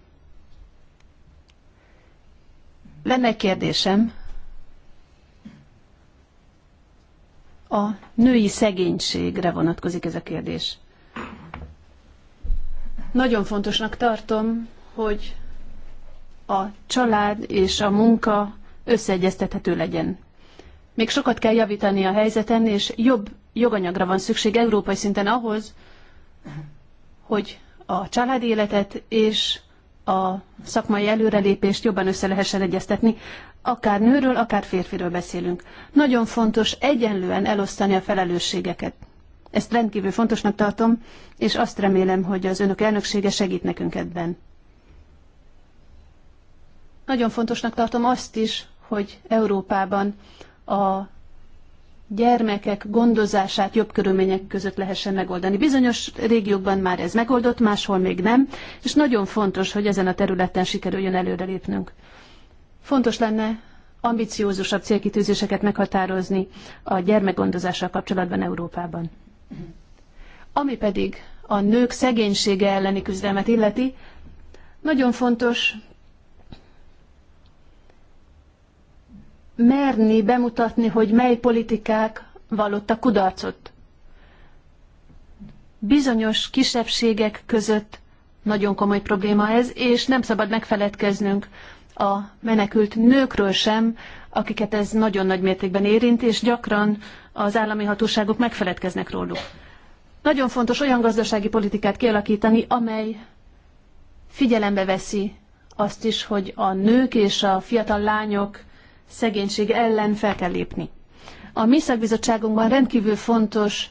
S3: Lenne egy kérdésem. A női szegénységre vonatkozik ez a kérdés. Nagyon fontosnak tartom, hogy a család és a munka összeegyeztethető legyen. Még sokat kell javítani a helyzeten, és jobb joganyagra van szükség európai szinten ahhoz, hogy a családi életet és a szakmai előrelépést jobban össze lehessen egyeztetni, akár nőről, akár férfiről beszélünk. Nagyon fontos egyenlően elosztani a felelősségeket. Ezt rendkívül fontosnak tartom, és azt remélem, hogy az önök elnöksége segít nekünk ebben. Nagyon fontosnak tartom azt is, hogy Európában a gyermekek gondozását jobb körülmények között lehessen megoldani. Bizonyos régiókban már ez megoldott, máshol még nem, és nagyon fontos, hogy ezen a területen sikerüljön előrelépnünk. Fontos lenne ambiciózusabb célkitűzéseket meghatározni a gyermekgondozással kapcsolatban Európában. Ami pedig a nők szegénysége elleni küzdelmet illeti, nagyon fontos merni bemutatni, hogy mely politikák vallottak kudarcot. Bizonyos kisebbségek között nagyon komoly probléma ez, és nem szabad megfeledkeznünk a menekült nőkről sem, akiket ez nagyon nagy mértékben érint, és gyakran az állami hatóságok megfeledkeznek róluk. Nagyon fontos olyan gazdasági politikát kialakítani, amely figyelembe veszi azt is, hogy a nők és a fiatal lányok szegénység ellen fel kell lépni. A mi szakbizottságunkban rendkívül fontos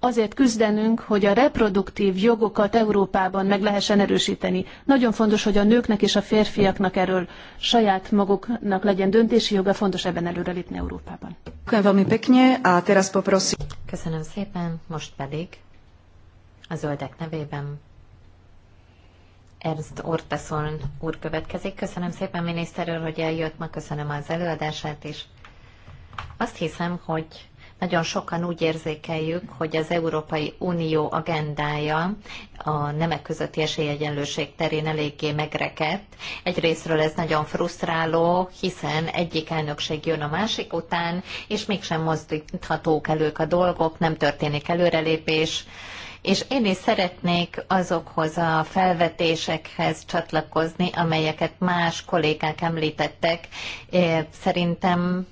S3: azért küzdenünk, hogy a reproduktív jogokat Európában meg lehessen erősíteni. Nagyon fontos, hogy a nőknek és a férfiaknak erről saját maguknak legyen döntési joga, fontos ebben előrelépni Európában.
S1: Köszönöm szépen, most pedig a zöldek nevében Ernst Ortaszon úr következik. Köszönöm szépen, miniszter úr, hogy eljött ma, köszönöm az előadását is. Azt hiszem, hogy nagyon sokan úgy érzékeljük, hogy az Európai Unió agendája a nemek közötti esélyegyenlőség terén eléggé megrekedt. Egyrésztről ez nagyon frusztráló, hiszen egyik elnökség jön a másik után, és mégsem mozdíthatók elők a dolgok, nem történik előrelépés és én is szeretnék azokhoz a felvetésekhez csatlakozni, amelyeket más kollégák említettek. Szerintem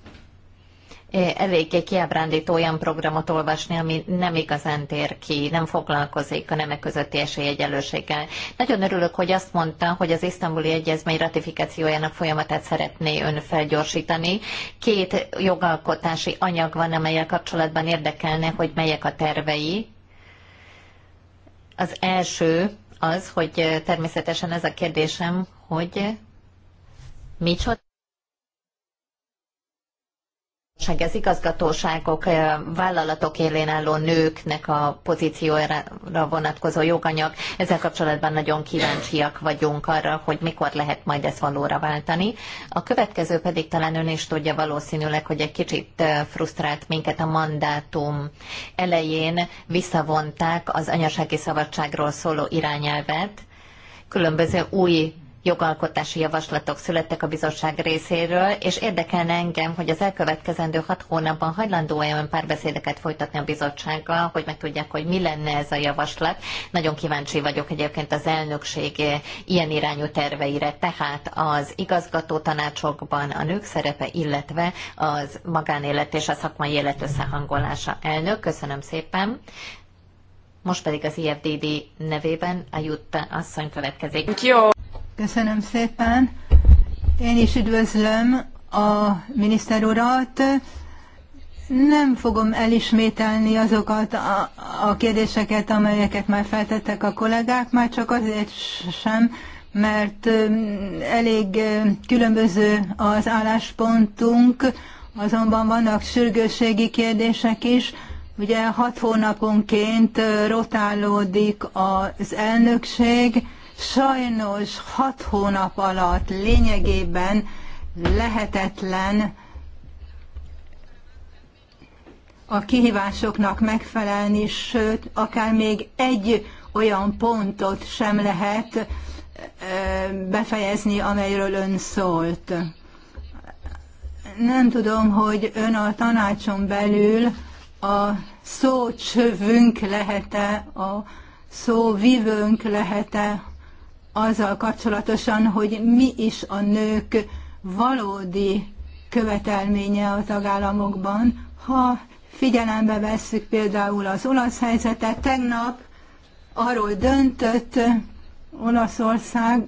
S1: eléggé kiábrándító olyan programot olvasni, ami nem igazán tér ki, nem foglalkozik a nemek közötti esélyegyelőséggel. Nagyon örülök, hogy azt mondta, hogy az isztambuli egyezmény ratifikációjának folyamatát szeretné ön felgyorsítani. Két jogalkotási anyag van, amelyel kapcsolatban érdekelne, hogy melyek a tervei, az első az, hogy természetesen ez a kérdésem, hogy micsoda az igazgatóságok, vállalatok élén álló nőknek a pozícióra vonatkozó joganyag. Ezzel kapcsolatban nagyon kíváncsiak vagyunk arra, hogy mikor lehet majd ezt valóra váltani. A következő pedig talán ön is tudja valószínűleg, hogy egy kicsit frusztrált minket a mandátum elején visszavonták az anyasági szabadságról szóló irányelvet, különböző új jogalkotási javaslatok születtek a bizottság részéről, és érdekelne engem, hogy az elkövetkezendő hat hónapban hajlandó -e olyan párbeszédeket folytatni a bizottsággal, hogy megtudják, hogy mi lenne ez a javaslat. Nagyon kíváncsi vagyok egyébként az elnökség ilyen irányú terveire, tehát az igazgató tanácsokban a nők szerepe, illetve az magánélet és a szakmai élet összehangolása. Elnök, köszönöm szépen. Most pedig az IFDD nevében a Jutta asszony következik. Jó!
S4: Köszönöm szépen. Én is üdvözlöm a miniszter urat. Nem fogom elismételni azokat a, a kérdéseket, amelyeket már feltettek a kollégák, már csak azért sem, mert elég különböző az álláspontunk, azonban vannak sürgősségi kérdések is. Ugye hat hónaponként rotálódik az elnökség, Sajnos hat hónap alatt lényegében lehetetlen a kihívásoknak megfelelni, sőt, akár még egy olyan pontot sem lehet befejezni, amelyről ön szólt. Nem tudom, hogy ön a tanácson belül a szócsövünk lehet-e, a szóvivőnk lehet-e azzal kapcsolatosan, hogy mi is a nők valódi követelménye a tagállamokban, ha figyelembe vesszük például az olasz helyzetet. Tegnap arról döntött Olaszország,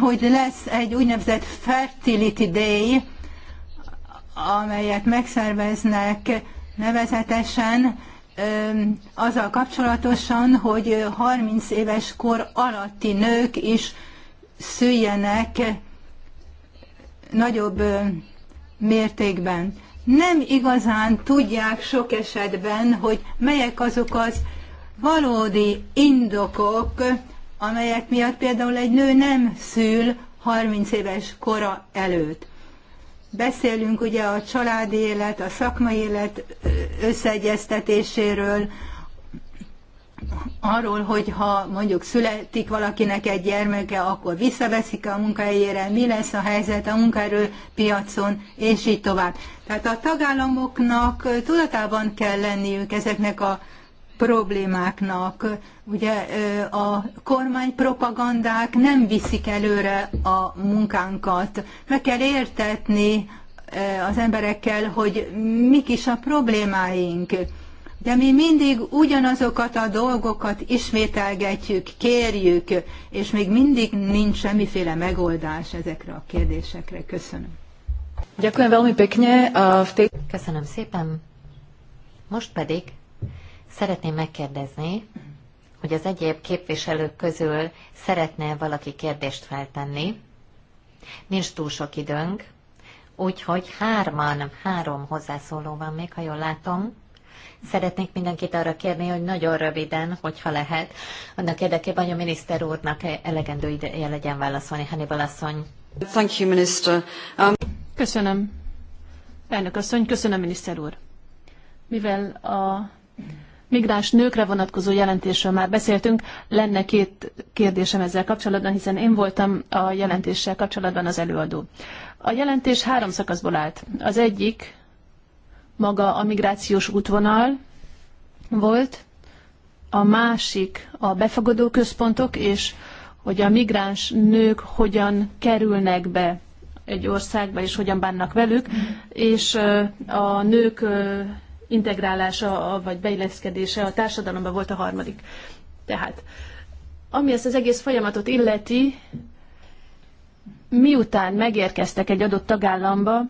S4: hogy lesz egy úgynevezett Fertility Day, amelyet megszerveznek nevezetesen azzal kapcsolatosan, hogy 30 éves kor alatti nők is szüljenek nagyobb mértékben. Nem igazán tudják sok esetben, hogy melyek azok az valódi indokok, amelyek miatt például egy nő nem szül 30 éves kora előtt. Beszélünk ugye a családi élet, a szakmai élet összeegyeztetéséről, arról, hogy ha mondjuk születik valakinek egy gyermeke, akkor visszaveszik a munkahelyére, mi lesz a helyzet a munkaerőpiacon, és így tovább. Tehát a tagállamoknak tudatában kell lenniük ezeknek a problémáknak. Ugye a kormánypropagandák nem viszik előre a munkánkat. Meg kell értetni az emberekkel, hogy mik is a problémáink. De mi mindig ugyanazokat a dolgokat ismételgetjük, kérjük, és még mindig nincs semmiféle megoldás ezekre a kérdésekre.
S1: Köszönöm. Köszönöm szépen. Most pedig Szeretném megkérdezni, hogy az egyéb képviselők közül szeretne valaki kérdést feltenni. Nincs túl sok időnk, úgyhogy hárman, három hozzászóló van még, ha jól látom. Szeretnék mindenkit arra kérni, hogy nagyon röviden, hogyha lehet, annak érdekében, hogy a miniszter úrnak elegendő ideje legyen válaszolni. Hannibal asszony. Thank you, minister. Um... Köszönöm. Elnök asszony, köszönöm, miniszter úr.
S3: Mivel a migráns nőkre vonatkozó jelentésről már beszéltünk. Lenne két kérdésem ezzel kapcsolatban, hiszen én voltam a jelentéssel kapcsolatban az előadó. A jelentés három szakaszból állt. Az egyik maga a migrációs útvonal volt, a másik a befogadó központok, és hogy a migráns nők hogyan kerülnek be egy országba, és hogyan bánnak velük, és a nők integrálása vagy beilleszkedése a társadalomba volt a harmadik. Tehát, ami ezt az egész folyamatot illeti, miután megérkeztek egy adott tagállamba,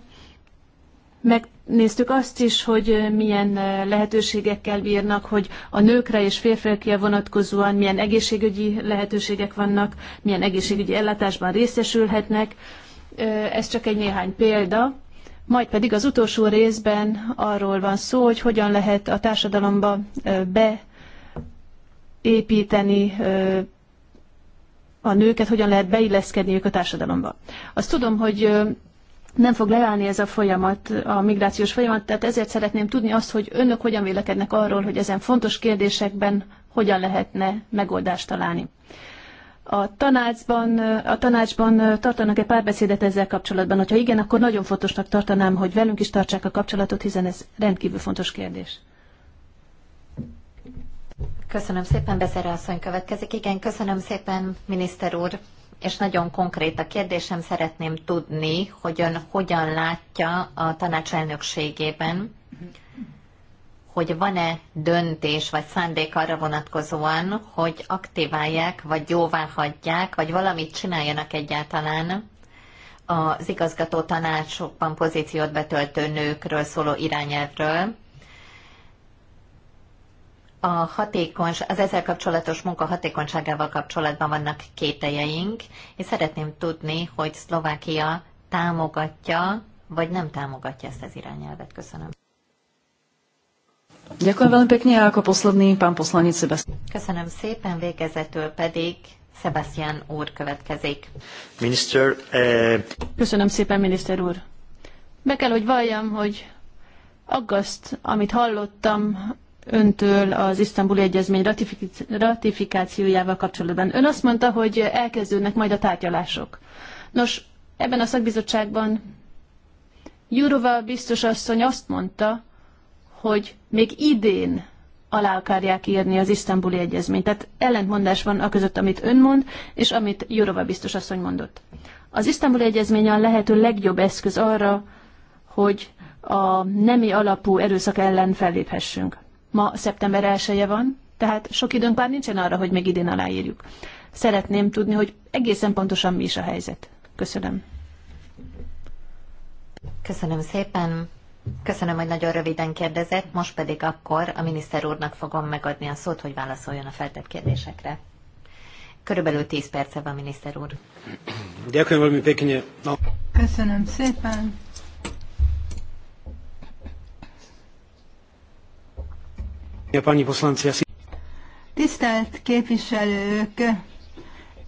S3: megnéztük azt is, hogy milyen lehetőségekkel bírnak, hogy a nőkre és férfiakra vonatkozóan milyen egészségügyi lehetőségek vannak, milyen egészségügyi ellátásban részesülhetnek. Ez csak egy néhány példa. Majd pedig az utolsó részben arról van szó, hogy hogyan lehet a társadalomba beépíteni a nőket, hogyan lehet beilleszkedni ők a társadalomba. Azt tudom, hogy nem fog leállni ez a folyamat, a migrációs folyamat, tehát ezért szeretném tudni azt, hogy önök hogyan vélekednek arról, hogy ezen fontos kérdésekben hogyan lehetne megoldást találni a tanácsban, a tanácsban tartanak-e párbeszédet ezzel kapcsolatban? Hogyha igen, akkor nagyon fontosnak tartanám, hogy velünk is tartsák a kapcsolatot, hiszen ez rendkívül fontos kérdés.
S1: Köszönöm szépen, Bezerre asszony következik. Igen, köszönöm szépen, miniszter úr. És nagyon konkrét a kérdésem, szeretném tudni, hogy ön hogyan látja a tanács elnökségében hogy van-e döntés vagy szándék arra vonatkozóan, hogy aktiválják, vagy jóvá hagyják, vagy valamit csináljanak egyáltalán az igazgató tanácsokban pozíciót betöltő nőkről szóló irányelvről. A hatékony, az ezzel kapcsolatos munka hatékonyságával kapcsolatban vannak kételjeink, és szeretném tudni, hogy Szlovákia támogatja, vagy nem támogatja ezt az irányelvet. Köszönöm. Ďakujem veľmi
S2: pekne a ako posledný pán poslanec Sebastian.
S1: Köszönöm szépen, végezetül pedig Sebastian úr következik.
S2: Minister, eh...
S1: Köszönöm szépen,
S3: miniszter úr. Be kell, hogy valljam, hogy aggaszt, amit hallottam öntől az isztambuli egyezmény ratifikáci ratifikációjával kapcsolatban. Ön azt mondta, hogy elkezdődnek majd a tárgyalások. Nos, ebben a szakbizottságban Jurova biztos asszony azt mondta, hogy még idén alá akarják írni az isztambuli egyezményt. Tehát ellentmondás van a között, amit ön mond, és amit Jurova biztos asszony mondott. Az isztambuli egyezmény a lehető legjobb eszköz arra, hogy a nemi alapú erőszak ellen felléphessünk. Ma szeptember 1 van, tehát sok időnk már nincsen arra, hogy még idén aláírjuk.
S1: Szeretném tudni, hogy egészen pontosan mi is a helyzet. Köszönöm. Köszönöm szépen. Köszönöm, hogy nagyon röviden kérdezett, most pedig akkor a miniszter úrnak fogom megadni a szót, hogy válaszoljon a feltett kérdésekre. Körülbelül 10 perce van, miniszter úr. Köszönöm szépen.
S4: Tisztelt képviselők,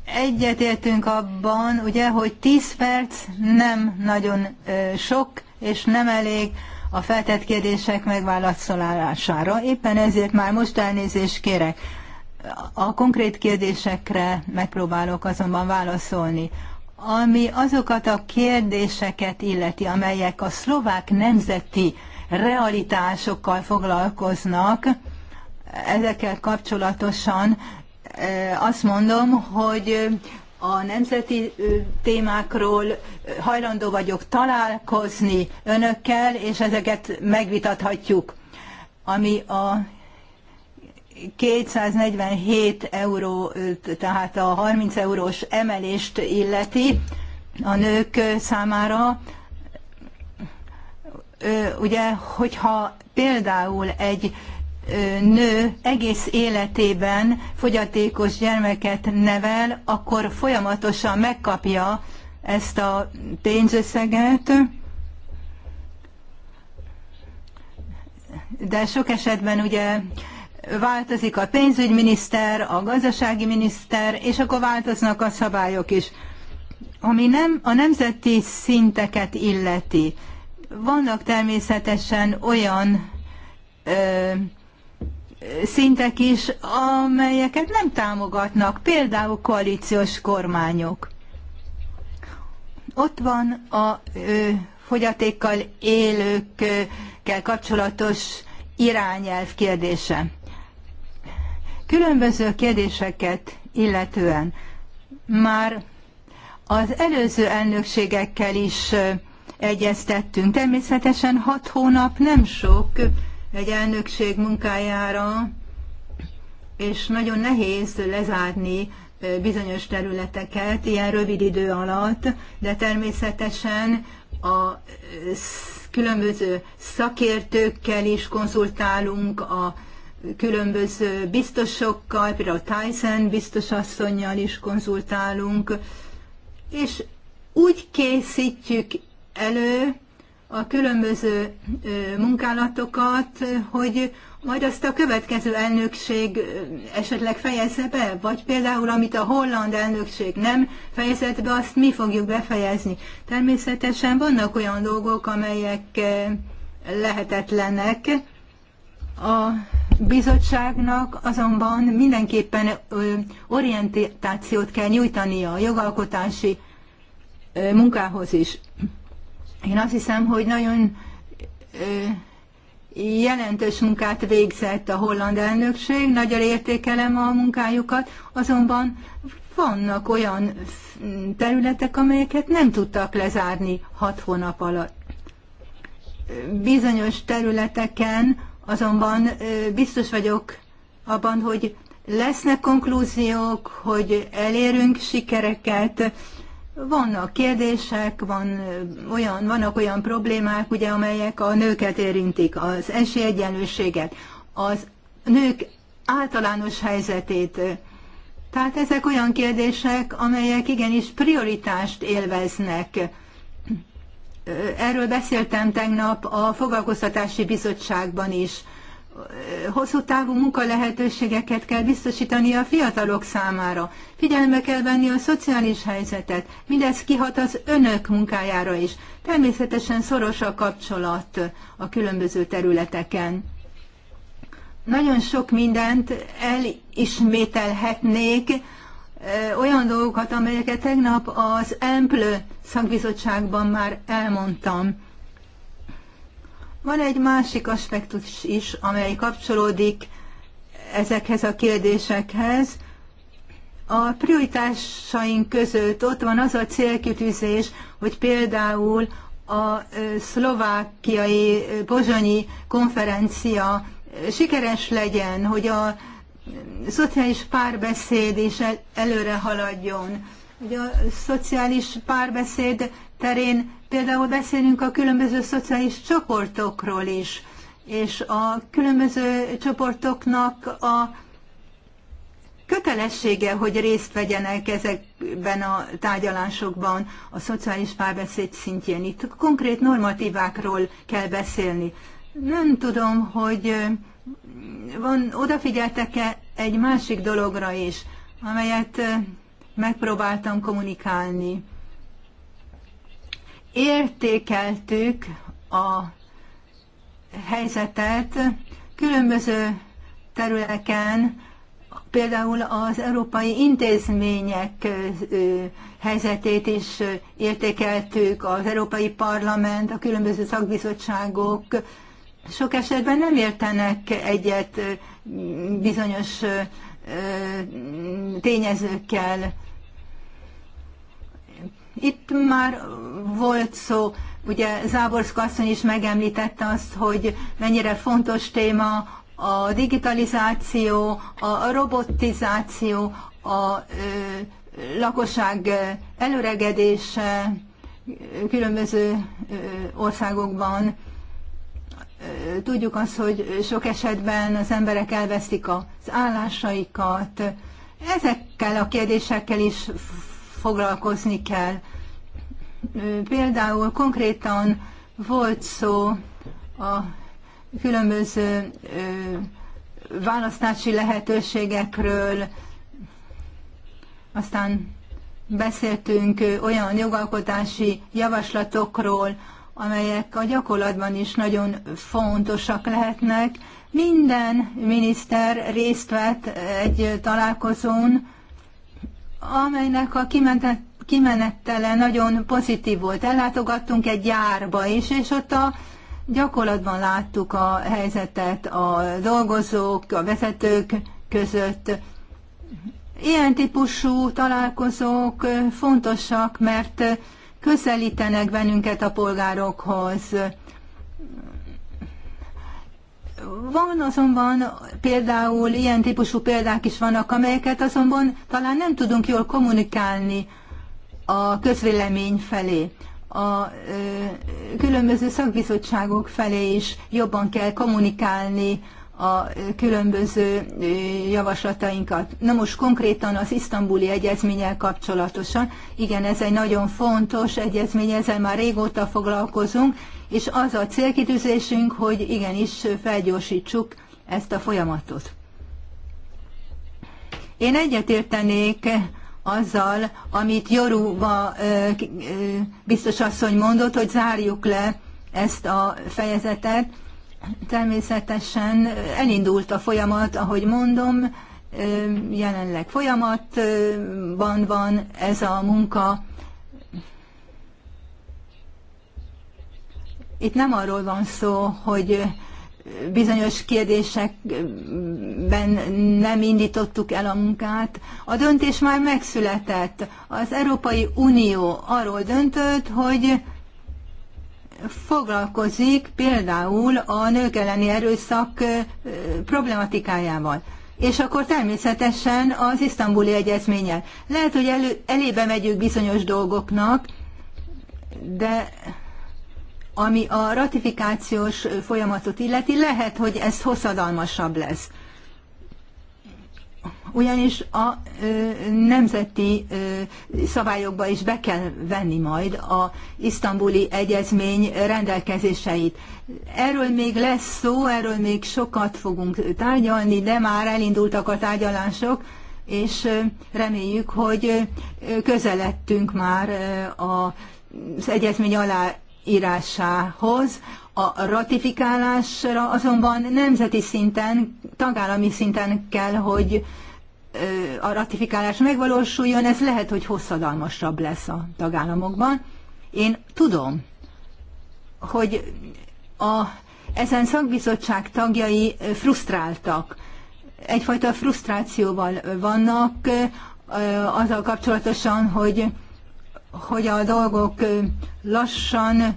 S4: egyetértünk abban, ugye, hogy 10 perc nem nagyon sok, és nem elég a feltett kérdések megválaszolására. Éppen ezért már most elnézést kérek. A konkrét kérdésekre megpróbálok azonban válaszolni. Ami azokat a kérdéseket illeti, amelyek a szlovák nemzeti realitásokkal foglalkoznak, ezekkel kapcsolatosan eh, azt mondom, hogy a nemzeti témákról hajlandó vagyok találkozni önökkel, és ezeket megvitathatjuk. Ami a 247 euró, tehát a 30 eurós emelést illeti a nők számára, ugye, hogyha például egy nő egész életében fogyatékos gyermeket nevel, akkor folyamatosan megkapja ezt a pénzösszeget, de sok esetben ugye változik a pénzügyminiszter, a gazdasági miniszter, és akkor változnak a szabályok is. Ami nem a nemzeti szinteket illeti, vannak természetesen olyan szintek is, amelyeket nem támogatnak, például koalíciós kormányok. Ott van a ö, fogyatékkal élőkkel kapcsolatos irányelv kérdése. Különböző kérdéseket illetően már az előző elnökségekkel is egyeztettünk. Természetesen hat hónap nem sok, egy elnökség munkájára, és nagyon nehéz lezárni bizonyos területeket ilyen rövid idő alatt, de természetesen a különböző szakértőkkel is konzultálunk, a különböző biztosokkal, például Tyson biztosasszonynal is konzultálunk, és úgy készítjük elő a különböző munkálatokat, hogy majd azt a következő elnökség esetleg fejezze be, vagy például amit a holland elnökség nem fejezett be, azt mi fogjuk befejezni. Természetesen vannak olyan dolgok, amelyek lehetetlenek. A bizottságnak azonban mindenképpen orientációt kell nyújtania a jogalkotási munkához is. Én azt hiszem, hogy nagyon jelentős munkát végzett a holland elnökség, nagyon értékelem a munkájukat, azonban vannak olyan területek, amelyeket nem tudtak lezárni hat hónap alatt. Bizonyos területeken azonban biztos vagyok abban, hogy lesznek konklúziók, hogy elérünk sikereket, vannak kérdések, van olyan, vannak olyan problémák, ugye, amelyek a nőket érintik, az esélyegyenlőséget, az nők általános helyzetét. Tehát ezek olyan kérdések, amelyek igenis prioritást élveznek. Erről beszéltem tegnap a Foglalkoztatási Bizottságban is hosszú távú munkalehetőségeket kell biztosítani a fiatalok számára. Figyelme kell venni a szociális helyzetet. Mindez kihat az önök munkájára is. Természetesen szoros a kapcsolat a különböző területeken. Nagyon sok mindent elismételhetnék, olyan dolgokat, amelyeket tegnap az Emplő szakbizottságban már elmondtam van egy másik aspektus is, amely kapcsolódik ezekhez a kérdésekhez. A prioritásaink között ott van az a célkitűzés, hogy például a szlovákiai pozsonyi konferencia sikeres legyen, hogy a szociális párbeszéd is előre haladjon. Ugye a szociális párbeszéd terén például beszélünk a különböző szociális csoportokról is, és a különböző csoportoknak a kötelessége, hogy részt vegyenek ezekben a tárgyalásokban a szociális párbeszéd szintjén. Itt konkrét normatívákról kell beszélni. Nem tudom, hogy van, odafigyeltek-e egy másik dologra is, amelyet megpróbáltam kommunikálni értékeltük a helyzetet különböző területeken, például az európai intézmények helyzetét is értékeltük, az Európai Parlament, a különböző szakbizottságok sok esetben nem értenek egyet bizonyos tényezőkkel. Itt már volt szó, ugye Záborszka asszony is megemlítette azt, hogy mennyire fontos téma a digitalizáció, a robotizáció, a ö, lakosság előregedése különböző ö, országokban. Tudjuk azt, hogy sok esetben az emberek elvesztik az állásaikat. Ezekkel a kérdésekkel is foglalkozni kell. Például konkrétan volt szó a különböző választási lehetőségekről, aztán beszéltünk olyan jogalkotási javaslatokról, amelyek a gyakorlatban is nagyon fontosak lehetnek. Minden miniszter részt vett egy találkozón, amelynek a kimentett kimenettele nagyon pozitív volt. Ellátogattunk egy gyárba is, és ott a gyakorlatban láttuk a helyzetet a dolgozók, a vezetők között. Ilyen típusú találkozók fontosak, mert közelítenek bennünket a polgárokhoz. Van azonban például ilyen típusú példák is vannak, amelyeket azonban talán nem tudunk jól kommunikálni a közvélemény felé. A ö, különböző szakbizottságok felé is jobban kell kommunikálni a különböző javaslatainkat. Na most konkrétan az isztambuli egyezménnyel kapcsolatosan. Igen, ez egy nagyon fontos egyezmény, ezzel már régóta foglalkozunk, és az a célkitűzésünk, hogy igenis felgyorsítsuk ezt a folyamatot. Én egyetértenék azzal, amit Jorúva biztos asszony mondott, hogy zárjuk le ezt a fejezetet. Természetesen elindult a folyamat, ahogy mondom, jelenleg folyamatban van ez a munka, Itt nem arról van szó, hogy bizonyos kérdésekben nem indítottuk el a munkát. A döntés már megszületett. Az Európai Unió arról döntött, hogy foglalkozik például a nők elleni erőszak problematikájával. És akkor természetesen az isztambuli egyezménnyel. Lehet, hogy elő, elébe megyünk bizonyos dolgoknak, de ami a ratifikációs folyamatot illeti, lehet, hogy ez hosszadalmasabb lesz. Ugyanis a ö, nemzeti ö, szabályokba is be kell venni majd a isztambuli egyezmény rendelkezéseit. Erről még lesz szó, erről még sokat fogunk tárgyalni, de már elindultak a tárgyalások, és reméljük, hogy közeledtünk már az egyezmény alá írásához. A ratifikálásra azonban nemzeti szinten, tagállami szinten kell, hogy a ratifikálás megvalósuljon, ez lehet, hogy hosszadalmasabb lesz a tagállamokban. Én tudom, hogy a, ezen szakbizottság tagjai frusztráltak, egyfajta frusztrációval vannak azzal kapcsolatosan, hogy hogy a dolgok lassan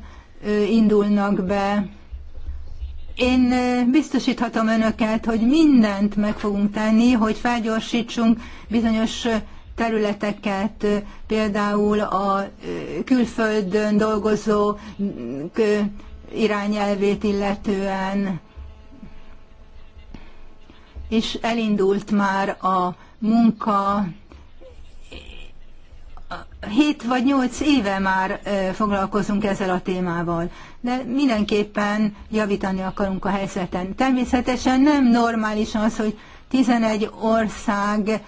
S4: indulnak be. Én biztosíthatom önöket, hogy mindent meg fogunk tenni, hogy felgyorsítsunk bizonyos területeket, például a külföldön dolgozó mm, irányelvét illetően. És elindult már a munka 7 vagy 8 éve már foglalkozunk ezzel a témával, de mindenképpen javítani akarunk a helyzeten. Természetesen nem normális az, hogy 11 ország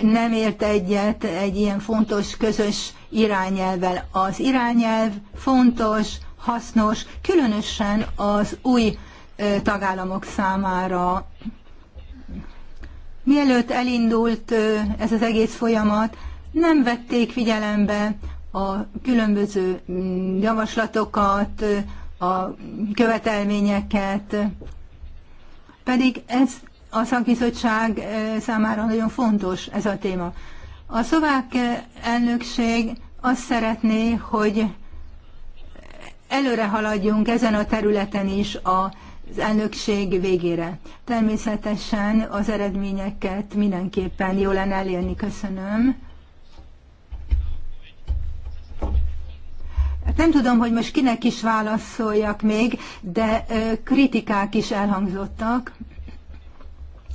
S4: nem ért egyet egy ilyen fontos közös irányelvel. Az irányelv fontos, hasznos, különösen az új tagállamok számára. Mielőtt elindult ez az egész folyamat, nem vették figyelembe a különböző mm, javaslatokat, a követelményeket, pedig ez a szakbizottság eh, számára nagyon fontos ez a téma. A szlovák eh, elnökség azt szeretné, hogy előre haladjunk ezen a területen is az elnökség végére. Természetesen az eredményeket mindenképpen jól lenne elérni. Köszönöm. Hát nem tudom, hogy most kinek is válaszoljak még, de kritikák is elhangzottak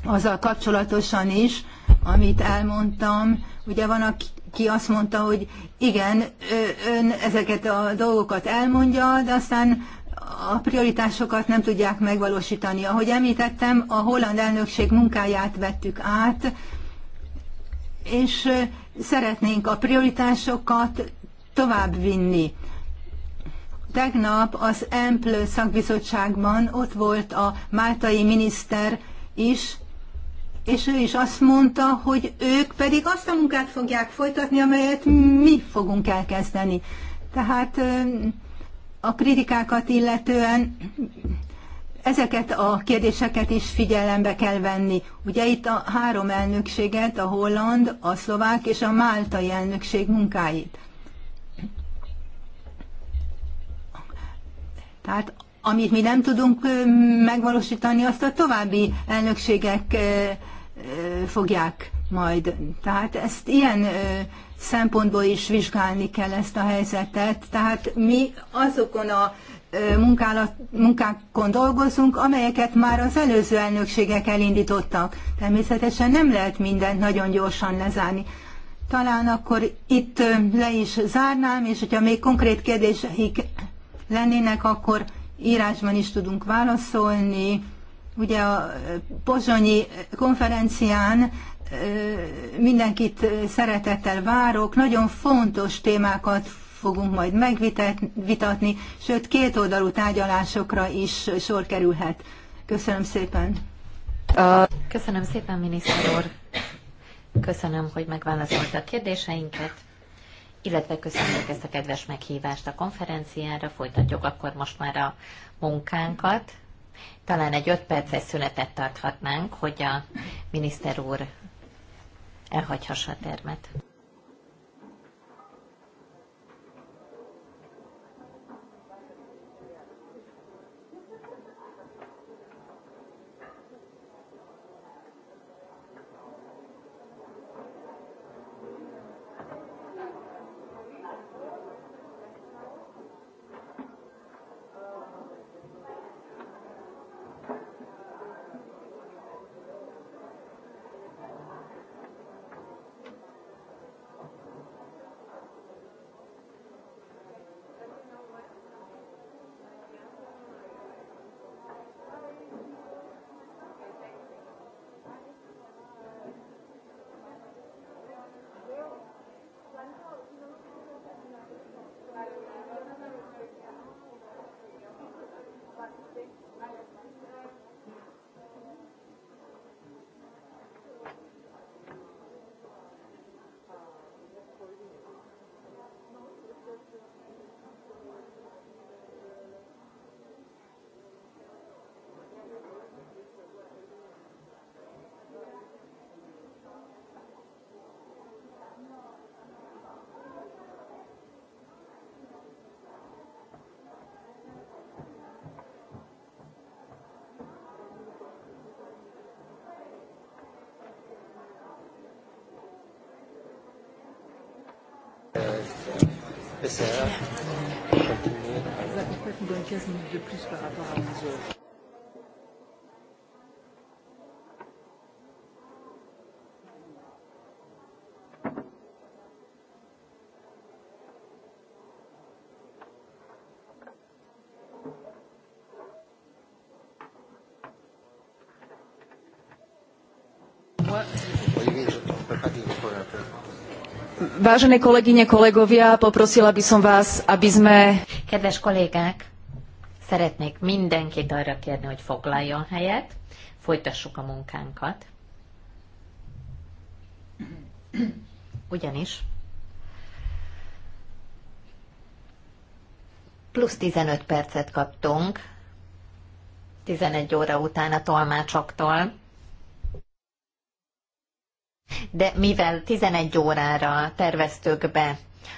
S4: azzal kapcsolatosan is, amit elmondtam. Ugye van, aki azt mondta, hogy igen, ön ezeket a dolgokat elmondja, de aztán a prioritásokat nem tudják megvalósítani. Ahogy említettem, a holland elnökség munkáját vettük át, és szeretnénk a prioritásokat továbbvinni. Tegnap az EMPL szakbizottságban ott volt a máltai miniszter is, és ő is azt mondta, hogy ők pedig azt a munkát fogják folytatni, amelyet mi fogunk elkezdeni. Tehát a kritikákat illetően ezeket a kérdéseket is figyelembe kell venni. Ugye itt a három elnökséget, a holland, a szlovák és a máltai elnökség munkáit. Tehát amit mi nem tudunk megvalósítani, azt a további elnökségek fogják majd. Tehát ezt ilyen szempontból is vizsgálni kell ezt a helyzetet. Tehát mi azokon a munkálat, munkákon dolgozunk, amelyeket már az előző elnökségek elindítottak. Természetesen nem lehet mindent nagyon gyorsan lezárni. Talán akkor itt le is zárnám, és hogyha még konkrét kérdéseik lennének, akkor írásban is tudunk válaszolni. Ugye a pozsonyi konferencián mindenkit szeretettel várok, nagyon fontos témákat fogunk majd megvitatni, sőt két oldalú tárgyalásokra is sor kerülhet. Köszönöm szépen.
S1: Köszönöm szépen, miniszter úr. Köszönöm, hogy megválaszolta a kérdéseinket illetve köszönjük ezt a kedves meghívást a konferenciára, folytatjuk akkor most már a munkánkat. Talán egy 5 perces szünetet tarthatnánk, hogy a miniszter úr elhagyhassa a termet.
S2: PCR. Vous avez compris qu'il y 15 minutes de plus par rapport à 11 heures. Vážené
S1: kolegyne, kolegovia, poprosila by som vás, aby sme... Kedves kollégák, szeretnék mindenkit arra kérni, hogy foglaljon helyet, folytassuk a munkánkat. Ugyanis plusz 15 percet kaptunk 11 óra után a tolmácsoktól, de mivel 11 órára terveztük be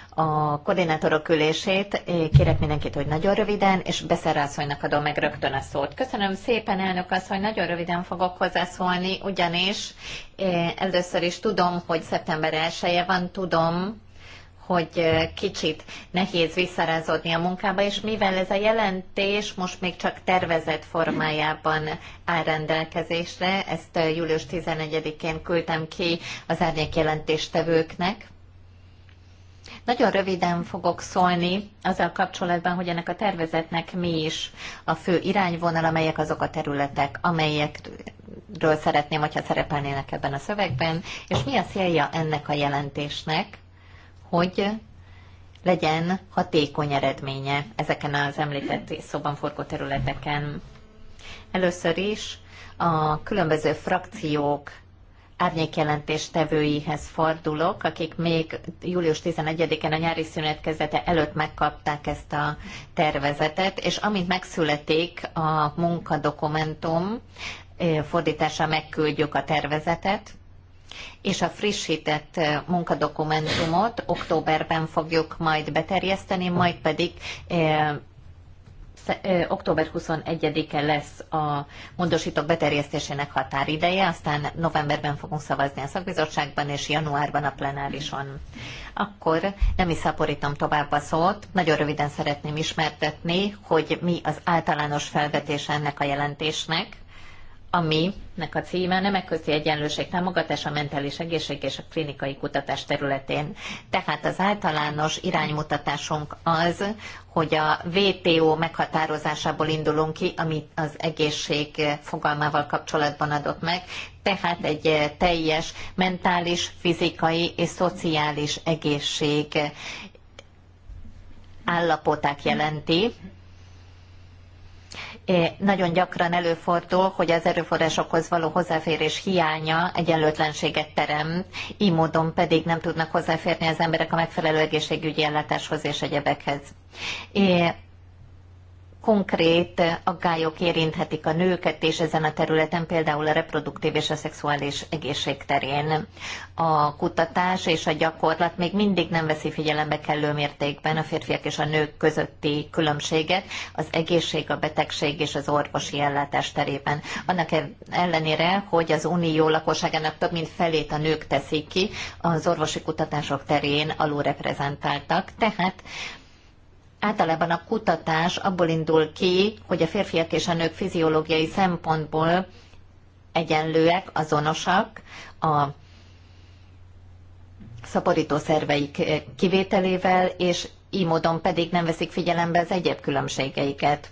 S1: a koordinátorok ülését, eh, kérek mindenkit, hogy nagyon röviden, és beszerászonynak adom meg rögtön a szót. Köszönöm szépen, elnök az, hogy nagyon röviden fogok hozzászólni, ugyanis eh, először is tudom, hogy szeptember 1 -e van, tudom, hogy kicsit nehéz visszarázódni a munkába, és mivel ez a jelentés most még csak tervezett formájában áll rendelkezésre, ezt július 11-én küldtem ki az árnyék jelentéstevőknek, nagyon röviden fogok szólni azzal kapcsolatban, hogy ennek a tervezetnek mi is a fő irányvonal, amelyek azok a területek, amelyekről szeretném, hogyha szerepelnének ebben a szövegben, és mi a célja ennek a jelentésnek hogy legyen hatékony eredménye ezeken az említett szóban forgó területeken. Először is a különböző frakciók tevőihez fordulok, akik még július 11-en a nyári szünet kezdete előtt megkapták ezt a tervezetet, és amint megszületik a munkadokumentum, eh, fordítása megküldjük a tervezetet, és a frissített eh, munkadokumentumot októberben fogjuk majd beterjeszteni, majd pedig eh, eh, október 21-e lesz a módosítók beterjesztésének határideje, aztán novemberben fogunk szavazni a szakbizottságban, és januárban a plenárison. Akkor nem is szaporítom tovább a szót, nagyon röviden szeretném ismertetni, hogy mi az általános felvetés ennek a jelentésnek aminek a címe a nemek közti egyenlőség támogatása a mentális egészség és a klinikai kutatás területén. Tehát az általános iránymutatásunk az, hogy a WTO meghatározásából indulunk ki, amit az egészség fogalmával kapcsolatban adott meg, tehát egy teljes mentális, fizikai és szociális egészség állapotát jelenti, nagyon gyakran előfordul, hogy az erőforrásokhoz való hozzáférés hiánya egyenlőtlenséget teremt, így módon pedig nem tudnak hozzáférni az emberek a megfelelő egészségügyi ellátáshoz és egyebekhez konkrét aggályok érinthetik a nőket, és ezen a területen például a reproduktív és a szexuális egészség terén. A kutatás és a gyakorlat még mindig nem veszi figyelembe kellő mértékben a férfiak és a nők közötti különbséget az egészség, a betegség és az orvosi ellátás terében. Annak ellenére, hogy az unió lakosságának több mint felét a nők teszik ki, az orvosi kutatások terén alulreprezentáltak, tehát általában a kutatás abból indul ki, hogy a férfiak és a nők fiziológiai szempontból egyenlőek, azonosak, a szaporító szerveik kivételével, és így módon pedig nem veszik figyelembe az egyéb különbségeiket.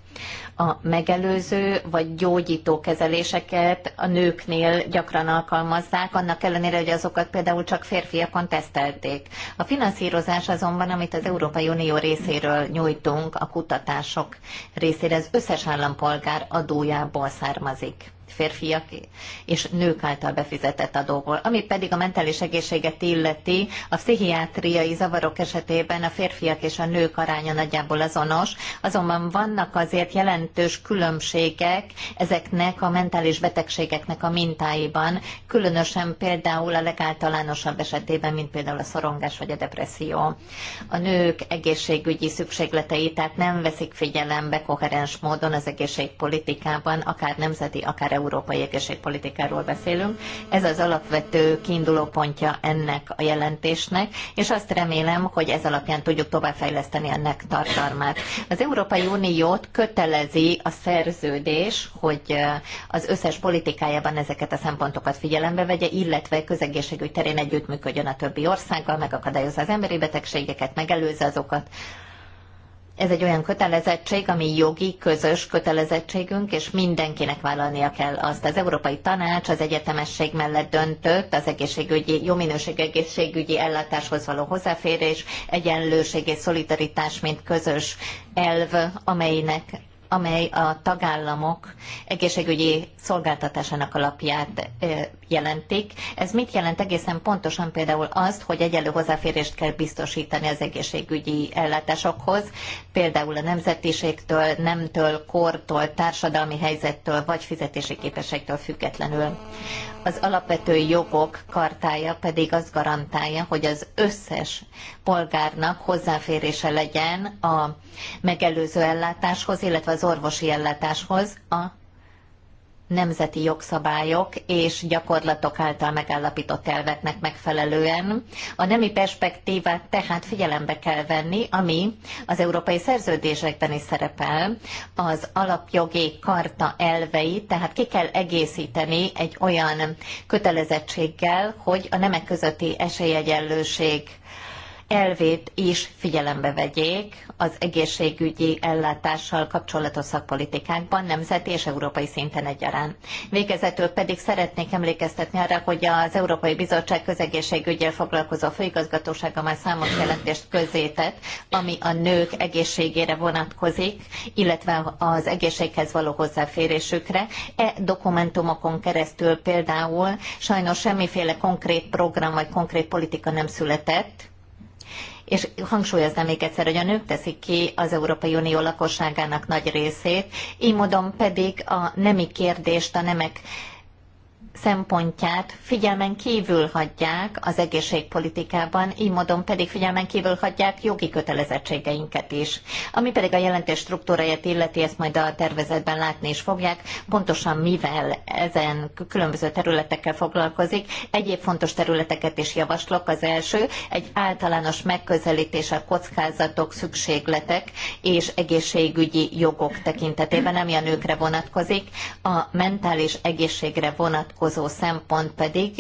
S1: A megelőző vagy gyógyító kezeléseket a nőknél gyakran alkalmazzák, annak ellenére, hogy azokat például csak férfiakon tesztelték. A finanszírozás azonban, amit az Európai Unió részéről nyújtunk, a kutatások részére az összes állampolgár adójából származik férfiak és nők által befizetett adóból. Ami pedig a mentális egészséget illeti, a pszichiátriai zavarok esetében a férfiak és a nők aránya nagyjából azonos, azonban vannak azért jelentős különbségek ezeknek a mentális betegségeknek a mintáiban, különösen például a legáltalánosabb esetében, mint például a szorongás vagy a depresszió. A nők egészségügyi szükségletei tehát nem veszik figyelembe koherens módon az egészségpolitikában, akár nemzeti, akár európai egészségpolitikáról beszélünk. Ez az alapvető kiinduló pontja ennek a jelentésnek, és azt remélem, hogy ez alapján tudjuk továbbfejleszteni ennek tartalmát. Az Európai Uniót kötelezi a szerződés, hogy az összes politikájában ezeket a szempontokat figyelembe vegye, illetve közegészségügy terén együttműködjön a többi országgal, megakadályozza az emberi betegségeket, megelőzze azokat, ez egy olyan kötelezettség, ami jogi, közös kötelezettségünk, és mindenkinek vállalnia kell azt. Az Európai Tanács az egyetemesség mellett döntött, az egészségügyi, jó minőség egészségügyi ellátáshoz való hozzáférés, egyenlőség és szolidaritás, mint közös elv, amelynek amely a tagállamok egészségügyi szolgáltatásának alapját jelentik. Ez mit jelent egészen pontosan például azt, hogy egyenlő hozzáférést kell biztosítani az egészségügyi ellátásokhoz, például a nemzetiségtől, nemtől, kortól, társadalmi helyzettől vagy fizetési képességtől függetlenül. Az alapvető jogok kartája pedig azt garantálja, hogy az összes polgárnak hozzáférése legyen a megelőző ellátáshoz, illetve az orvosi ellátáshoz a nemzeti jogszabályok és gyakorlatok által megállapított elveknek megfelelően. A nemi perspektívát tehát figyelembe kell venni, ami az európai szerződésekben is szerepel, az alapjogi karta elvei, tehát ki kell egészíteni egy olyan kötelezettséggel, hogy a nemek közötti esélyegyenlőség elvét is figyelembe vegyék az egészségügyi ellátással kapcsolatos szakpolitikákban, nemzeti és európai szinten egyaránt. Végezetül pedig szeretnék emlékeztetni arra, hogy az Európai Bizottság közegészségügyel foglalkozó főigazgatósága már számos jelentést közzétett, ami a nők egészségére vonatkozik, illetve az egészséghez való hozzáférésükre. E dokumentumokon keresztül például sajnos semmiféle konkrét program vagy konkrét politika nem született, és hangsúlyoznám még egyszer, hogy a nők teszik ki az Európai Unió lakosságának nagy részét, így módon pedig a nemi kérdést a nemek szempontját figyelmen kívül hagyják az egészségpolitikában, így módon pedig figyelmen kívül hagyják jogi kötelezettségeinket is. Ami pedig a jelentés struktúráját illeti, ezt majd a tervezetben látni is fogják, pontosan mivel ezen különböző területekkel foglalkozik. Egyéb fontos területeket is javaslok. Az első egy általános megközelítés a kockázatok, szükségletek és egészségügyi jogok tekintetében, ami a nőkre vonatkozik, a mentális egészségre vonatkozik vonatkozó szempont pedig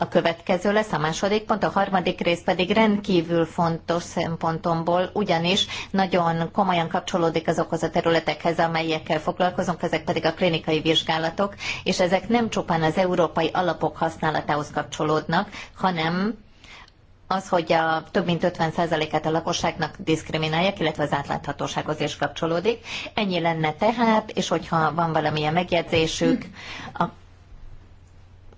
S1: a következő lesz, a második pont, a harmadik rész pedig rendkívül fontos szempontomból, ugyanis nagyon komolyan kapcsolódik azokhoz a területekhez, amelyekkel foglalkozunk, ezek pedig a klinikai vizsgálatok, és ezek nem csupán az európai alapok használatához kapcsolódnak, hanem az, hogy a több mint 50%-át a lakosságnak diszkriminálják, illetve az átláthatósághoz is kapcsolódik. Ennyi lenne tehát, és hogyha van valamilyen megjegyzésük, akkor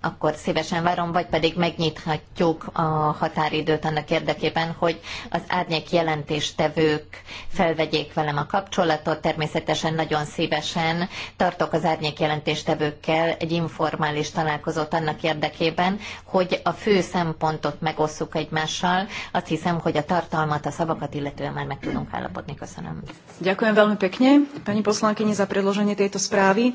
S1: akkor szívesen várom, vagy pedig megnyithatjuk a határidőt annak érdekében, hogy az árnyék jelentéstevők felvegyék velem a kapcsolatot. Természetesen nagyon szívesen tartok az árnyék jelentéstevőkkel egy informális találkozót annak érdekében, hogy a fő szempontot megosszuk egymással. Azt hiszem, hogy a tartalmat, a szavakat illetően már meg tudunk állapodni. Köszönöm. Ďakujem veľmi pekne, pani poslankyni, za predloženie tejto správy.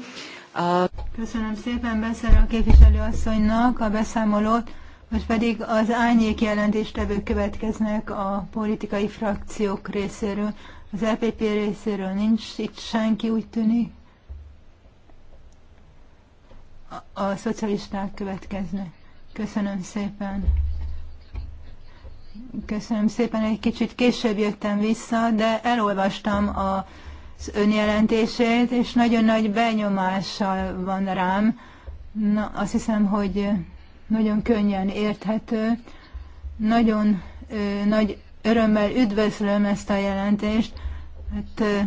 S1: A... Köszönöm
S4: szépen beszélő a képviselőasszonynak a beszámolót, most pedig az árnyék jelentéstevők következnek a politikai frakciók részéről. Az LPP e részéről nincs itt senki, úgy tűnik. A, a szocialisták következnek. Köszönöm szépen. Köszönöm szépen, egy kicsit később jöttem vissza, de elolvastam a az önjelentését, és nagyon nagy benyomással van rám. Na, azt hiszem, hogy nagyon könnyen érthető. Nagyon ö, nagy örömmel üdvözlöm ezt a jelentést. Hát, ö,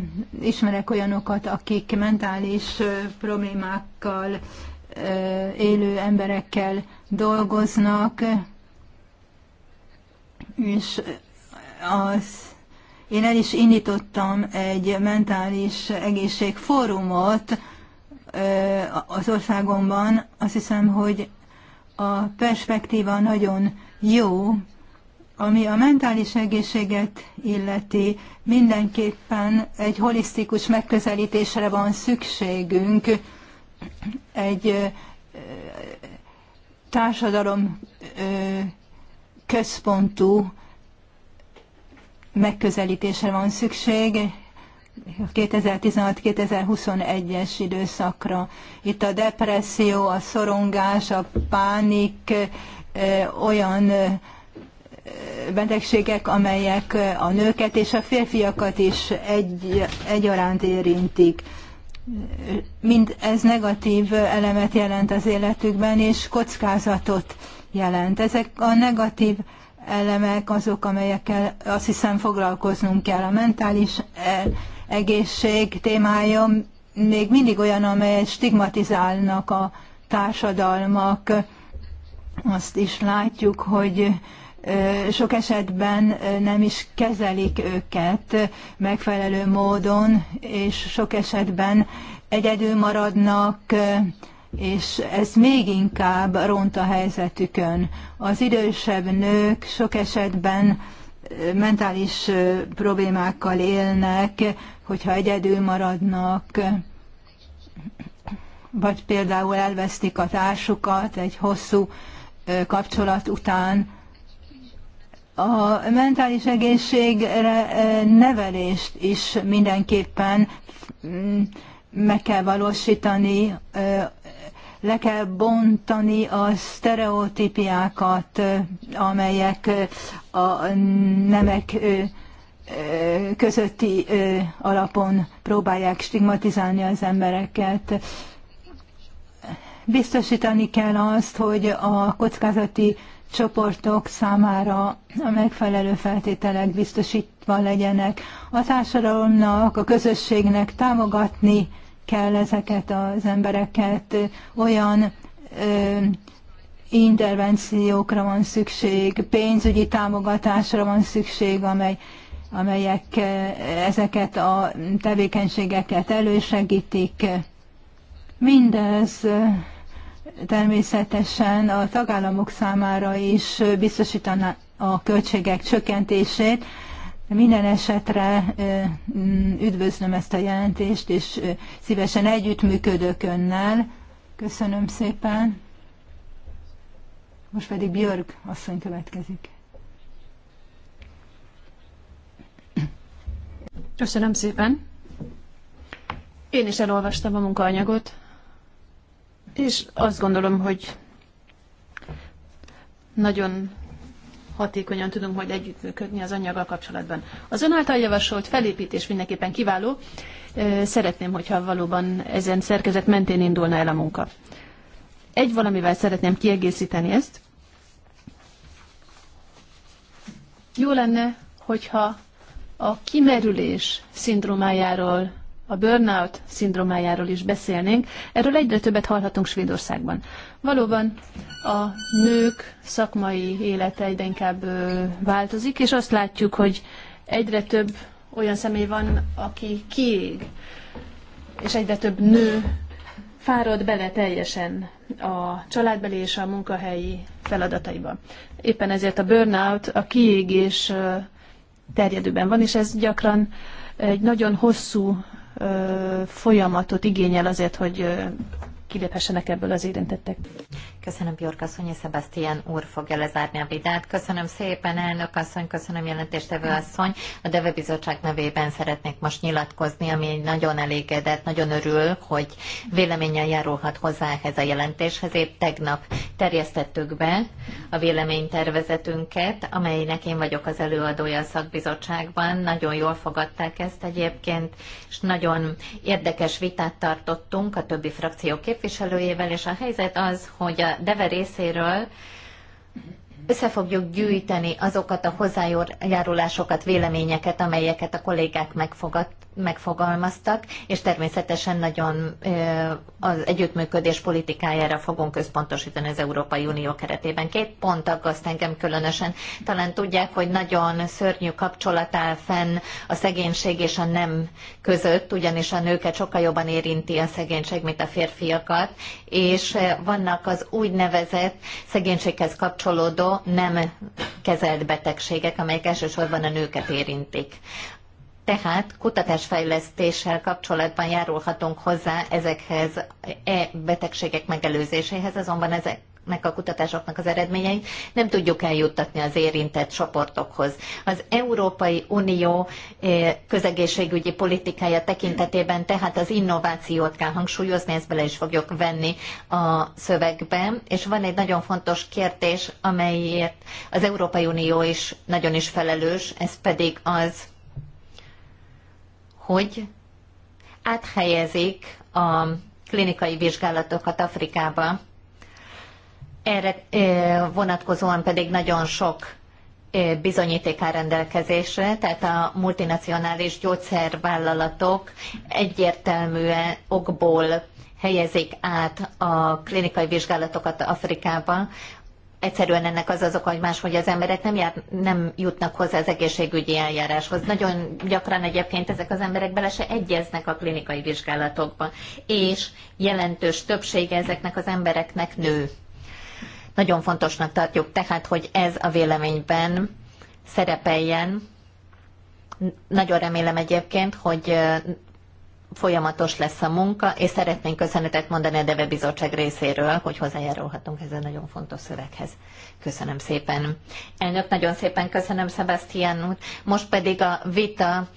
S4: ismerek olyanokat, akik mentális ö, problémákkal, ö, élő emberekkel dolgoznak, és az én el is indítottam egy mentális egészségfórumot az országomban. Azt hiszem, hogy a perspektíva nagyon jó, ami a mentális egészséget illeti, mindenképpen egy holisztikus megközelítésre van szükségünk, egy társadalom központú megközelítésre van szükség, 2016-2021-es időszakra. Itt a depresszió, a szorongás, a pánik olyan betegségek, amelyek a nőket és a férfiakat is egy, egyaránt érintik. Mind ez negatív elemet jelent az életükben, és kockázatot jelent. Ezek a negatív elemek azok, amelyekkel azt hiszem foglalkoznunk kell. A mentális e, egészség témája még mindig olyan, amelyet stigmatizálnak a társadalmak. Azt is látjuk, hogy e, sok esetben e, nem is kezelik őket megfelelő módon, és sok esetben egyedül maradnak, és ez még inkább ront a helyzetükön. Az idősebb nők sok esetben mentális problémákkal élnek, hogyha egyedül maradnak, vagy például elvesztik a társukat egy hosszú kapcsolat után. A mentális egészségre nevelést is mindenképpen mm, meg kell valósítani le kell bontani a sztereotípiákat, amelyek a nemek közötti alapon próbálják stigmatizálni az embereket. Biztosítani kell azt, hogy a kockázati csoportok számára a megfelelő feltételek biztosítva legyenek. A társadalomnak, a közösségnek támogatni kell ezeket az embereket, olyan ö, intervenciókra van szükség, pénzügyi támogatásra van szükség, amely, amelyek ezeket a tevékenységeket elősegítik. Mindez természetesen a tagállamok számára is biztosítaná a költségek csökkentését, minden esetre mm, üdvözlöm ezt a jelentést, és szívesen együttműködök önnel. Köszönöm szépen. Most pedig Björk asszony következik. Köszönöm szépen.
S3: Én is elolvastam a munkaanyagot, és azt gondolom, hogy nagyon hatékonyan tudunk majd együttműködni az anyaggal kapcsolatban. Az ön által javasolt felépítés mindenképpen kiváló. Szeretném, hogyha valóban ezen szerkezet mentén indulna el a munka. Egy valamivel szeretném kiegészíteni ezt. Jó lenne, hogyha a kimerülés szindrómájáról a burnout szindromájáról is beszélnénk. Erről egyre többet hallhatunk Svédországban. Valóban a nők szakmai élete egyre inkább változik, és azt látjuk, hogy egyre több olyan személy van, aki kiég, és egyre több nő fárad bele teljesen a családbeli és a munkahelyi feladataiba. Éppen ezért a burnout, a kiégés terjedőben van, és ez gyakran egy nagyon
S1: hosszú folyamatot igényel azért, hogy kiléphessenek ebből az érintettek. Köszönöm Björk asszony, és Sebastian úr fogja lezárni a vitát. Köszönöm szépen, elnök asszony, köszönöm jelentéstevő asszony. A Deve Bizottság nevében szeretnék most nyilatkozni, ami nagyon elégedett, nagyon örül, hogy véleménnyel járulhat hozzá ehhez a jelentéshez. Épp tegnap terjesztettük be a véleménytervezetünket, amelynek én vagyok az előadója a szakbizottságban. Nagyon jól fogadták ezt egyébként, és nagyon érdekes vitát tartottunk a többi frakció képviselőjével, és a helyzet az, hogy a Deve részéről össze fogjuk gyűjteni azokat a hozzájárulásokat, véleményeket, amelyeket a kollégák megfogad, megfogalmaztak, és természetesen nagyon az együttműködés politikájára fogunk központosítani az Európai Unió keretében. Két pont aggaszt engem különösen. Talán tudják, hogy nagyon szörnyű kapcsolat áll fenn a szegénység és a nem között, ugyanis a nőket sokkal jobban érinti a szegénység, mint a férfiakat, és vannak az úgynevezett szegénységhez kapcsolódó nem kezelt betegségek, amelyek elsősorban a nőket érintik. Tehát kutatásfejlesztéssel kapcsolatban járulhatunk hozzá ezekhez e betegségek megelőzéséhez, azonban ezek ezeknek a kutatásoknak az eredményeit nem tudjuk eljuttatni az érintett csoportokhoz. Az Európai Unió eh, közegészségügyi politikája tekintetében tehát az innovációt kell hangsúlyozni, ezt bele is fogjuk venni a szövegbe, és van egy nagyon fontos kérdés, amelyért az Európai Unió is nagyon is felelős, ez pedig az, hogy áthelyezik a klinikai vizsgálatokat Afrikába. Erre vonatkozóan pedig nagyon sok bizonyíték áll rendelkezésre, tehát a multinacionális gyógyszervállalatok egyértelműen okból helyezik át a klinikai vizsgálatokat Afrikába. Egyszerűen ennek az az oka, hogy máshogy az emberek nem, jár, nem jutnak hozzá az egészségügyi eljáráshoz. Nagyon gyakran egyébként ezek az emberek bele se egyeznek a klinikai vizsgálatokba, és jelentős többsége ezeknek az embereknek nő. Nagyon fontosnak tartjuk tehát, hogy ez a véleményben szerepeljen. Nagyon remélem egyébként, hogy folyamatos lesz a munka, és szeretnénk köszönetet mondani a Deve Bizottság részéről, hogy hozzájárulhatunk ezzel nagyon fontos szöveghez. Köszönöm szépen. Elnök, nagyon szépen köszönöm Sebastian út. Most pedig a vita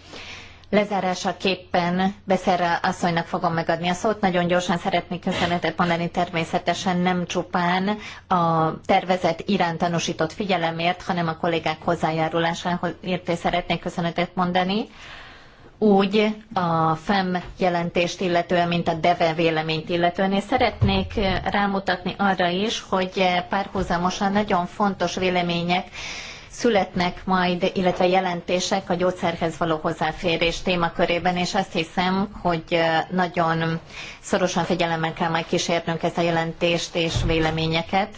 S1: Lezárásaképpen Beszerre asszonynak fogom megadni a szót. Nagyon gyorsan szeretnék köszönetet mondani természetesen nem csupán a tervezett iránt tanúsított figyelemért, hanem a kollégák hozzájárulásához érté szeretnék köszönetet mondani úgy a FEM jelentést illetően, mint a DEVE véleményt illetően. És szeretnék rámutatni arra is, hogy párhuzamosan nagyon fontos vélemények születnek majd, illetve jelentések a gyógyszerhez való hozzáférés témakörében, és azt hiszem, hogy nagyon szorosan figyelemmel kell majd kísérnünk ezt a jelentést és véleményeket,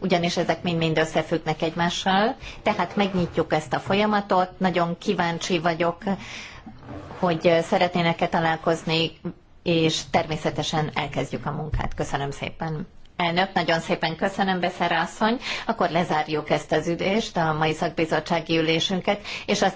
S1: ugyanis ezek mind-mind összefüggnek egymással. Tehát megnyitjuk ezt a folyamatot, nagyon kíváncsi vagyok, hogy szeretnének-e találkozni, és természetesen elkezdjük a munkát. Köszönöm szépen! Elnök, nagyon szépen köszönöm, Beszere asszony. Akkor lezárjuk ezt az üdést, a mai szakbizottsági ülésünket, és azt